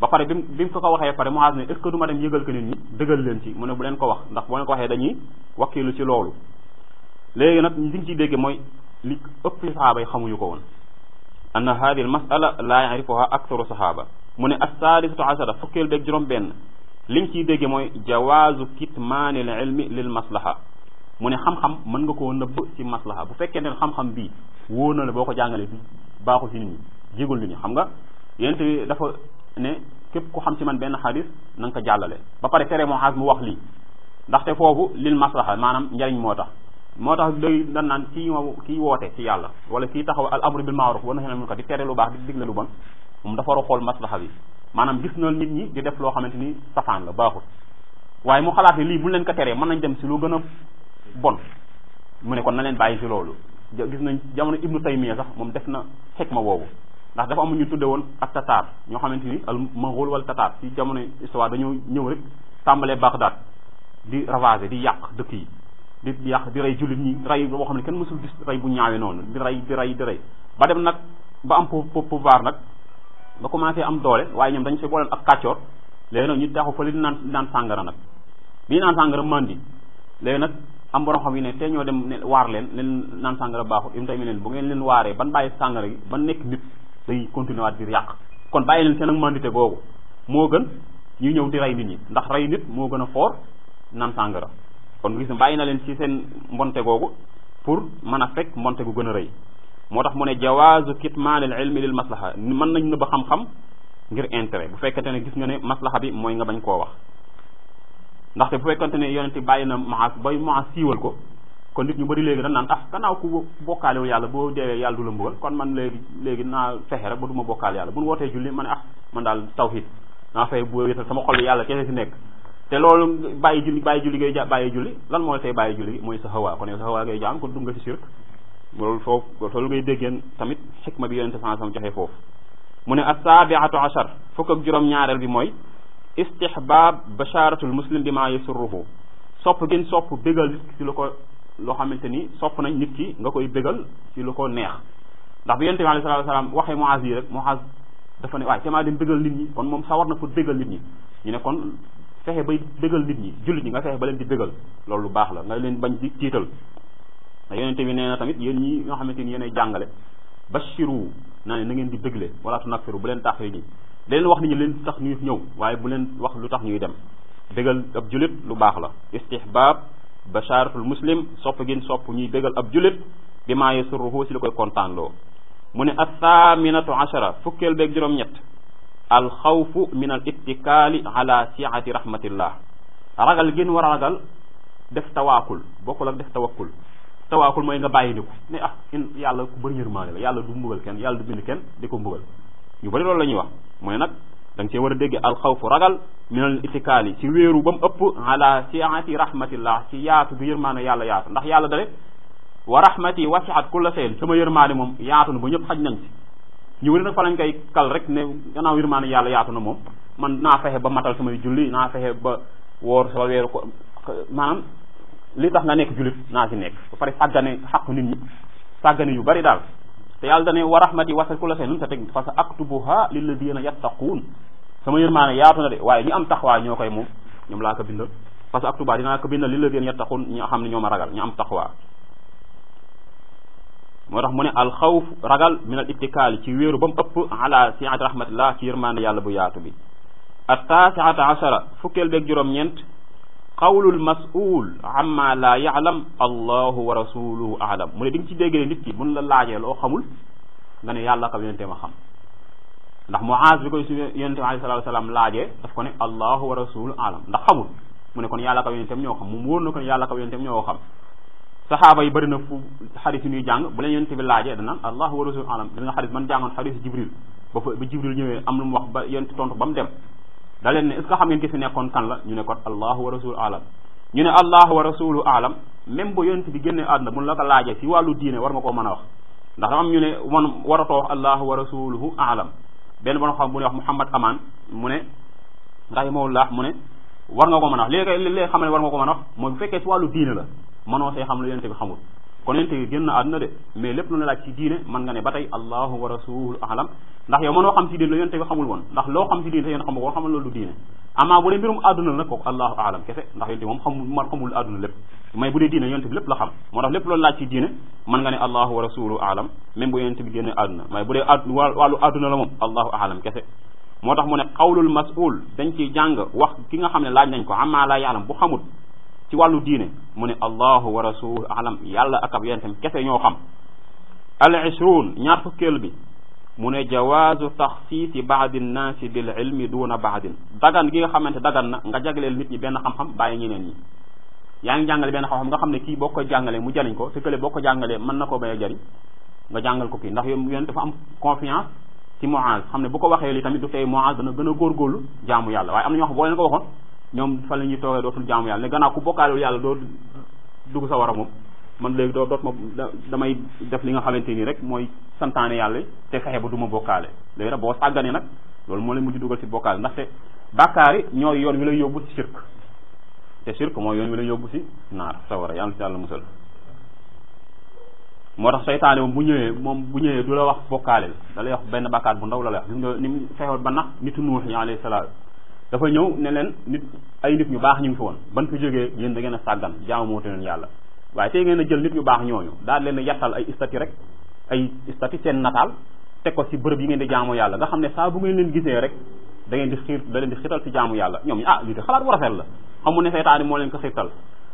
ba pare bim bi ko ko waxe pare Muaz ne est ce que du ma dem yëgal ko nit ñi dëgal len ci mu ne bu len ko wax ndax bu len ko waxe dañuy wakilu ci lolu legi nak ni ci dege moy li upp li saxaaba yi xamuñu ko woon أن هذه المسألة لا يعرفها أكثر صحابة من الثالثة عشرة فكيل بيك جروم بين لنكي ديجي موي جواز كتمان العلم للمصلحة من خم خم من نكو نبو سي مصلحة بفكر خم خم بي وونا لبوكو جانغالي baaxu ci nit ñi jigul nit ñi xam nga yent bi dafa ne kep ko xam ci man ben hadith nang nga ko jàllale ba pare tere mo hazmu wax li ndax te fofu lil maslaha manam njariñ motax motax moo day dan nan ci mo kii woote ci yàlla wala ki taxaw al amru bil ma'ruf wa nahyi anil munkar di tere lu bax di digle lu bon mum dafa ro xol maslaha bi manam gis na nit ñi di def lo xamanteni safan la baaxu waye mu xalaati li lii bu leen ko tere man nañ dem ci lu gëna bon mu ne kon na leen bàyyi ci lolu gis nañ jamono ibnu taymiya sax moom def na ma woowu ndax dafa amuñu tudde woon ak tatar ñoo xamante ni al mongol wala tatar ci jamono histoire dañoo ñëw rek tàmbalee Bagdad di ravager di yàq dëkk yi di yàq di rey jullit ñi rey boo xam ne kenn mësul gis rey bu ñaawe noonu di rey di rey di rey ba dem nag ba am pouvoir nag ba commencé am doole waaye ñoom dañ si booleen ak kàccoor léegi nag ñu taxu fa li naan naan sàngara nag bi am borom xam yi ne te ñoo dem ne waar leen leen naan sàngara baaxul im tamit leen bu ngeen leen waaree ban bàyyi sàngara gi ban nekk nit day continuer waat di yàq kon bàyyi leen seen ak mandité googu moo gën ñu ñëw di rey nit ñi ndax rey nit moo gën a foor naan sàngara kon gis bàyyi na leen ci seen mbonte googu pour mën a fekk mbonte gu gën a rëy moo tax mu ne jawaazu kitmaanil ilmi lil maslaha mën nañ nëbb xam-xam ngir intérêt bu fekkente ne gis nga ne maslaha bi mooy nga bañ koo wax ndaxte bu fekkante ne yonent bàyyi na Muaas bay Muaas siiwal ko kon nit ñu bëri léegi dañ naan ah gannaaw ku bokkaale yàlla boo deewee yàlla du la mbugal kon man léegi léegi naa fexe rek ba du ma yàlla bu nu wootee julli ma ne ah man daal tawhid naa fexe bu wéetal sama xol yàlla kese si nekk te loolu bàyyi julli bàyyi julli ngay ja bàyyi julli lan mooy tey bàyyi julli mooy sa xawaa kon yow sa xawaa ngay jaam kon dugg nga si sirk loolu foofu loolu ngay déggeen tamit xikma bi yonente sansam joxe foofu mu ne as a achar fukk ak juróom ñaareel bi mooy istihbaab basharatul muslim bi maa yasurruhu sopp gën sopp bégal nit ki ci lu ko loo xamante ni sopp nañ nit ki nga koy bégal ci lu ko neex ndax bi yonent bi alayhi salaatu salaam waxee Muaz yi rek Muaz dafa ne waaye te maa dem bégal nit ñi kon moom sawar na pour bégal nit ñi ñu ne fexe bay bégal nit ñi jullit ñi nga fexe ba leen di bégal loolu lu baax la nga leen bañ di tiital ndax yonent bi nee na tamit yéen ñi ñoo xamante ni yéenay jàngale bashiru naa ne na ngeen di bégle wala tunaffiru bu leen tax yi nii leen wax nit ñi leen tax ñuy ñëw waye bu leen wax lu tax ñuy dem deegal ab julit lu bax la istihbab basharatul muslim sopp gin sopp ñuy deegal ab julit bi maa yasurruhu si likoy koy lo muné as-saminatu ashara fukel beeg juróom ñet al khawfu min al ittikali ala siati rahmatillah ragal gin wara ragal def tawakul bokkul ak def tawakul tawakul moy nga bàyyi ne ah in yàlla ku bëri yërmaane la yàlla du mbugal ken yàlla du bind ken diko mbugal ñu bari lol lañuy wax mooy nag da nga cee war a dégg alxawfu ragal minal itikaal yi ci wéeru ba mu ëpp ala siati rahmatillah ci yaatu bi yërmaane yàlla yaatu ndax yàlla dale wa rahmati wasiat kulla seen sama yërmaane moom yaatu na ba ñëpp xaj nañ ñu wëri nag fa lañ koy kal rek ne gannaaw yërmaane yàlla yaatu na moom man naa fexe ba matal samay julli naa fexe ba woor sama weeru ko maanaam li tax nga nekk jullit naa ci nekk ba pare sàggane xaqu nit ñi sàggane yu bari daal te yàlla dane wa rahmati wasat ku la see nun sa teg fa sa aktubuha lilladina yattaquun sama yërmaane yaatu na de waaye ñi am taxwaa ñoo koy moom ñoom laa ko bindal fa sa aktuba dina ko bindal lilladina yattaquun ñoo xam ne ñoo ma ragal ñu am taxwaa moo tax mu ne alxawf ragal min al ittikaali ci weeru ba mu ëpp ala siat rahmatillah ci yërmaane yàlla bu yaatu bi at taasiata achara fukkeel beeg juróom-ñeent qawlul mas'ul amma la ya'lam allahu wa a a'lam mu ne di nga ci déggee nit ki mun la laajee loo xamul nga ne yàlla ko yonente a xam ndax Muaaz bi koy su yonente bi alayhi salaatu salaam laajee daf ko ne allahu wa rasuluhu a'lam ndax xamul mu ne kon yàlla ko yonentem ñoo xam moom wóor na ko yàlla ko yonentem ñoo xam saxaaba yi bëri na fu xadis yi ñuy jàng bu leen yonente bi laajee danaan allahu wa rasuluhu a'lam dana xadis man jàngoon xadis jibril ba fa ba jibril ñëwee am lu mu wax ba yonente tontu ba mu dem da leen ne est-ce xam ngeen ki fi nekkoon kan la ñu ne ko allahu wa rasulu alam ñu ne allahu wa rasulu alam même ba yonent bi génne àdduna bu la ko laajee ci wàllu diine war nga koo mën a wax ndax dama am ñu ne man waratoo wax allahu wa rasuluhu alam benn borom xam bu ne wax muhammad aman mu ne rahimahullah mu ne war nga ko mën a wax léegi léegi xam ne war nga ko mën a wax mooy bu fekkee ci wàllu diine la mënoo see xam lu yonent bi xamul konente yu génn àdduna de mais lépp lu ne laaj ci diine man nga ne ba tey allahu wa rasuluhu alam ndax yow mënoo xam ci diine la yonte bi xamul woon ndax loo xam ci diine te yonte xamu ko xamal loolu diine amaa bu dee mbirum àdduna nag kooku allahu alam kese ndax yonte moom xamul man xamul àdduna lépp mais bu dee diine yonte bi lépp la xam moo tax lépp loolu laaj ci diine man nga ne allahu wa rasuluhu alam même bu yonte bi génne àdduna mais bu dee wàllu àdduna la moom allahu alam kese moo tax mu ne qawlul masul dañ ciy jàng wax ki nga xam ne laaj nañ ko amaa laa yaalam bu xamut ci wàllu diine mu ne allahu wa rasuluhu alam yàlla ak ab yonentam kese ñoo xam al ishrun ñaar fukkeel bi mu ne jawaazu taxsiisi baadi nnaasi bil ilmi duuna baadin dagan gi nga xamante dagan na nga jagleel nit ñi benn xam-xam bàyyi ñeneen ñi yaa ngi jàngale benn xam-xam nga xam ne kii boo ko jàngalee mu jariñ ko te boo ko jàngalee mën na koo bañ a jariñ nga jàngal ko kii ndax yoon dafa am confiance ci Muaz xam ne bu ko waxee li tamit du tey Muaz dana gën a góorgóorlu jaamu yàlla waaye am na ñoo xam boo ko ñoom fa la ñuy toogee dootul jaamu yàlla ne gannaaw ku bokkaalul yàlla doo dugg sa war a moom man léegi doo doot ma damay def li nga xamante ni rek mooy santaane yàlla te fexe ba duma ma bokkaale léegi nag boo sàggane nag loolu moo lay mujj dugal ci bokkaale ndaxte bàkkaar yi yoon wi lay yóbbu ci sirk te sirk mooy yoon wi lay yóbbu si naar sawara yàlla si yàlla musal moo tax seytaane moom bu ñëwee moom bu ñëwee du la wax bokkaale la da benn bàkkaar bu ndaw la la wax gis nga ni mu fexewoon ba nax nitu nuux yi alayhi salaam dafa ñëw ne leen nit ay nit ñu baax ñu ngi fi woon ban fi jógee yéen da ngeen a sàggan jaamu moote leen yàlla waaye tey ngeen a jël nit ñu baax ñooñu daal leen a ay istati rek ay istati seen nataal teg ci bërëb yi ngeen di jaamu yàlla nga xam ne bu ngeen leen gisee rek da ngeen di xiir da leen di yàlla ñoom ñu ah lii de la xamu ne seytaani moo leen ko xiirtal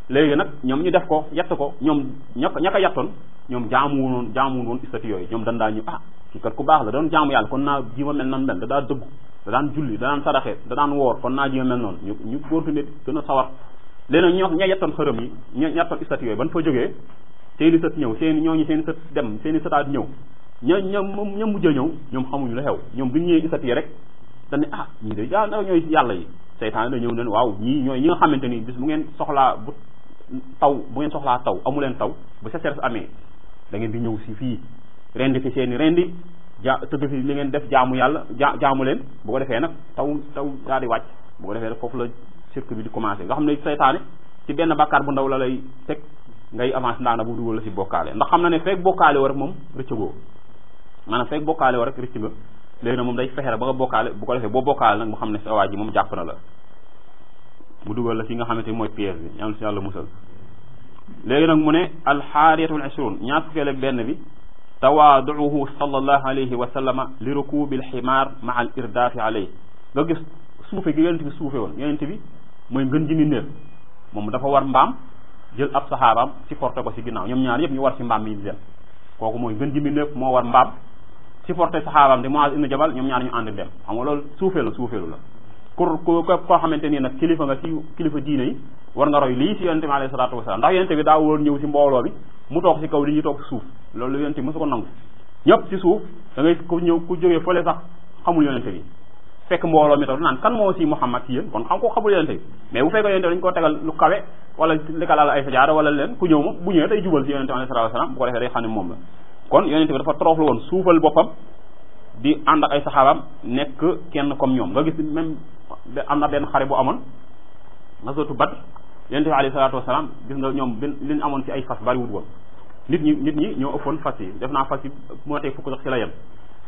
léegi nag ñoom ñu def ko yatt ko ñoom ñak ñaka yattoon ñoom jaamu woon jaamu woon istati yooyu ñoom dan daa ñu ah kii kat ku baax la doon jaamu yàlla kon naa jiima mel nan mel da daa dëgg da daan julli da daan saraxe da daan woor kon naa ji mel noonu ñu ñu góorgóorlu gën a sawar léegi ñu wax ña yettoon xërëm yi ña yettoon istat yooyu ban fa jógee seen i sët ñëw seen ñooñu seen i sët dem seen i sëtaat ñëw ña ña ña mujj a ñëw ñoom xamuñu la xew ñoom bi ñu ñëwee istat yi rek dañ ne ah ñii de yaa ñooy yàlla yi seytaan da ñëw nen waaw ñii ñooy ñi nga xamante ni bis bu ngeen soxlaa bu taw bu ngeen soxlaa taw amu leen taw bu sécheresse amee da ngeen di ñëw si fii rendi fi seen i rendi jaa tëgg fi li ngeen def jaamu yàlla jaa jaamu leen bu ko defee nag taw taw daal di wàcc bu ko defee foofu la cirque bi di commencé nga xam ne seytaane ci benn bàkkaar bu ndaw la lay teg ngay avancé ndaana bu dugal la si bokkaale ndax xam na ne feek bokkaale woo moom rëccagoo maanaam feek bokkaale woo rek rëcc nga léegi nag moom day fexe rek ba bokkaale bu ko defee boo bokkaale nag mu xam ne waa ji moom jàpp na la mu dugal la ci nga xamante mooy piège bi yàlla si yàlla musal léegi nag mu ne alxaariyatul ishrun ñaar fukkeel ak benn bi tawaaduhu sallallahu alayhi wa sallama li rukubi alximaar ma al irdaafi alayhi nga gis suufe gi yonent bi suufe woon yonent bi mooy ngën ji mi néer moom dafa war mbaam jël ab saxaabaam ci porté ko ci ginnaaw ñoom ñaar yëpp ñu war ci mbaam mi dem kooku mooy ngën ji mi néer moo war mbaam ci porté saxaabaam di Muaz ibn Jabal ñoom ñaar ñu ànd dem xam nga loolu suufee la suufeelu la kur ku koo xamante nii nag kilifa nga ci kilifa diine yi war nga roy lii ci yonent bi alayhi salaatu wasalaam ndax yonent bi daa woon ñëw ci mbooloo bi mu toog ci kaw li ñuy toog suuf loolu yonente bi mosu ko nangu ñëpp ci suuf da ngay ku ñëw ku jógee fële sax xamul yonente bi fekk mbooloo mi tax naan kan moo si Muhammad si yéen kon xam ko xamul yonente bi mais bu fekkee yonente bi dañu ko tegal lu kawe wala li ka laal ay sajaada wala leen ku ñëw ma bu ñëwee day jubal si yonente bi alayhi salaatu wasalaam bu ko defee day xam ne moom la kon yonente bi dafa toroxlu woon suufal boppam di ànd ak ay saxaabam nekk kenn comme ñoom nga gis même am na benn xare bu amoon nga yonent bi alayhi salaatu wasalaam gis nga ñoom bin li ñu amoon si ay fas bari wut woon nit ñi nit ñi ñoo ëppoon fas yi def naa fas yi moo tey fukk sax ci la yem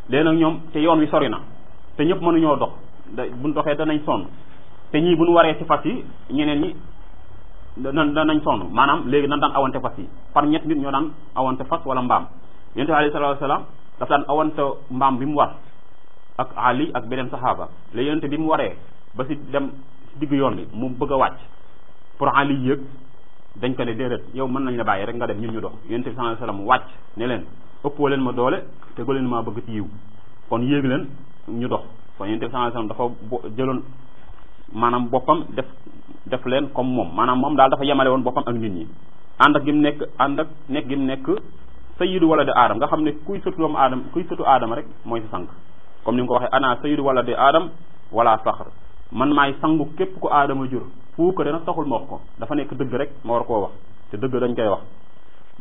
léegi nag ñoom te yoon wi sori na te ñëpp mënuñoo dox da buñ doxee danañ sonn te ñii buñ waree ci fas yi ñeneen ñi danañ danañ sonn maanaam léegi nan daan awante fas yi par ñett nit ñoo daan awante fas wala mbaam yonent bi alayhi salaatu wasalaam daf daan awante mbaam bi mu war ak Ali ak beneen saxaaba léegi yonent bi mu waree ba si dem diggu yoon bi mu bëgg a wàcc pour Ali yëg dañ ko ne déedéet yow mën nañ la bàyyi rek nga dem ñun ñu dox yonent bi sallallahu alayhi wasallam wàcc ne leen ëppoo leen ma doole te go leen maa bëgg ci yiw kon yéeg leen ñu dox kon yonent bi sallallahu alayhi wasallam dafa jëloon maanaam boppam def def leen comme moom maanaam moom daal dafa yemale woon boppam ak nit ñi ànd ak gi mu nekk ànd ak nekk gi mu nekk sayyidu waladi aadam nga xam ne kuy sëtu doomu aadam kuy sëtu aadama rek mooy sa sang comme ni mu ko waxee ana sayyidu waladi aadam wala faxr man maay sangu képp ku aadama jur fuukare nag taxul ma wax ko dafa nekk dëgg rek ma war koo wax te dëgg dañ koy wax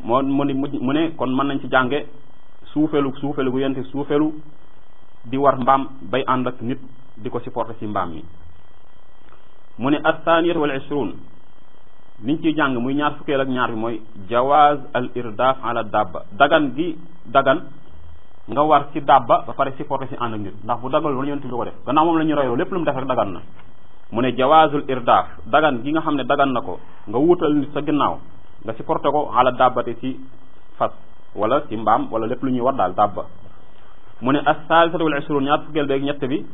moo mu ni mu ne kon mën nañ ci jànge suufeelu suufeelu gu yente suufeelu di war mbaam bay ànd ak nit di ko supporté si mbaam yi mu ne athaniyat wal ishrun liñ ciy jàng muy ñaar fukkeel ak ñaar bi mooy jawaz al irdaf ala dabba dagan gi dagan nga war ci dabba ba pare supporté ci ànd ak nit ndax bu dagal loolu yonent bi ko def gannaaw moom la ñuy royloo lépp lu def dagan na mu ne jawaazul irdaaf dagan gi nga xam ne dagan na ko nga wuutal nit sa ginnaaw nga si porté ko ala dàbbate si fas wala si mbaam wala lépp lu ñuy war daal dàbba mu ne assalisatu wal ishrun ñaar fukkeel beeg ñett bi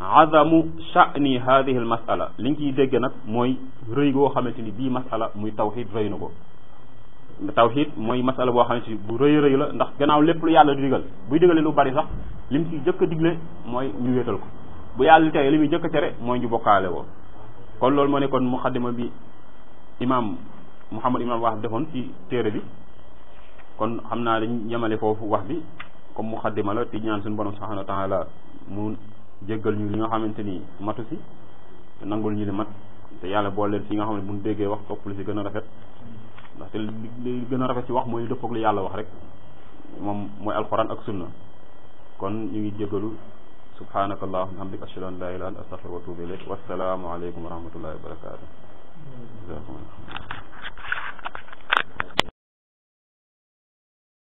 azamu sha'ni hadihi al masala li nga dégg nag mooy rëy goo xamante ni bii masala muy tawxid rëy na ko tawxid mooy masala boo xamante ni bu rëy rëy la ndax gannaaw lépp lu yàlla di digal buy digalee lu bari sax lim ci jëkk digle mooy ñu wéetal ko bu yàlla tere li muy jëkk a tere mooy ñu bokkaale woo kon loolu moo ne kon muxaddima bi imaam Muhammad imaam wax defoon ci téere bi kon xam naa dañ yemale foofu wax bi comme mu muxaddima la ti ñaan suñu borom subhanahu tam taala mu jéggal ñu li nga xamante ni mattu si te nangul ñu li mat te yàlla boole leen si nga xam ne bu déggee wax topp lu si gën a rafet ndax te li gën a rafet ci wax mooy dëppoog li yàlla wax rek moom mooy alxuraan ak sunna kon سبحانك اللهم وبحمدك اشهد ان لا اله الا انت استغفرك واتوب اليك والسلام عليكم ورحمه الله وبركاته جزاكم الله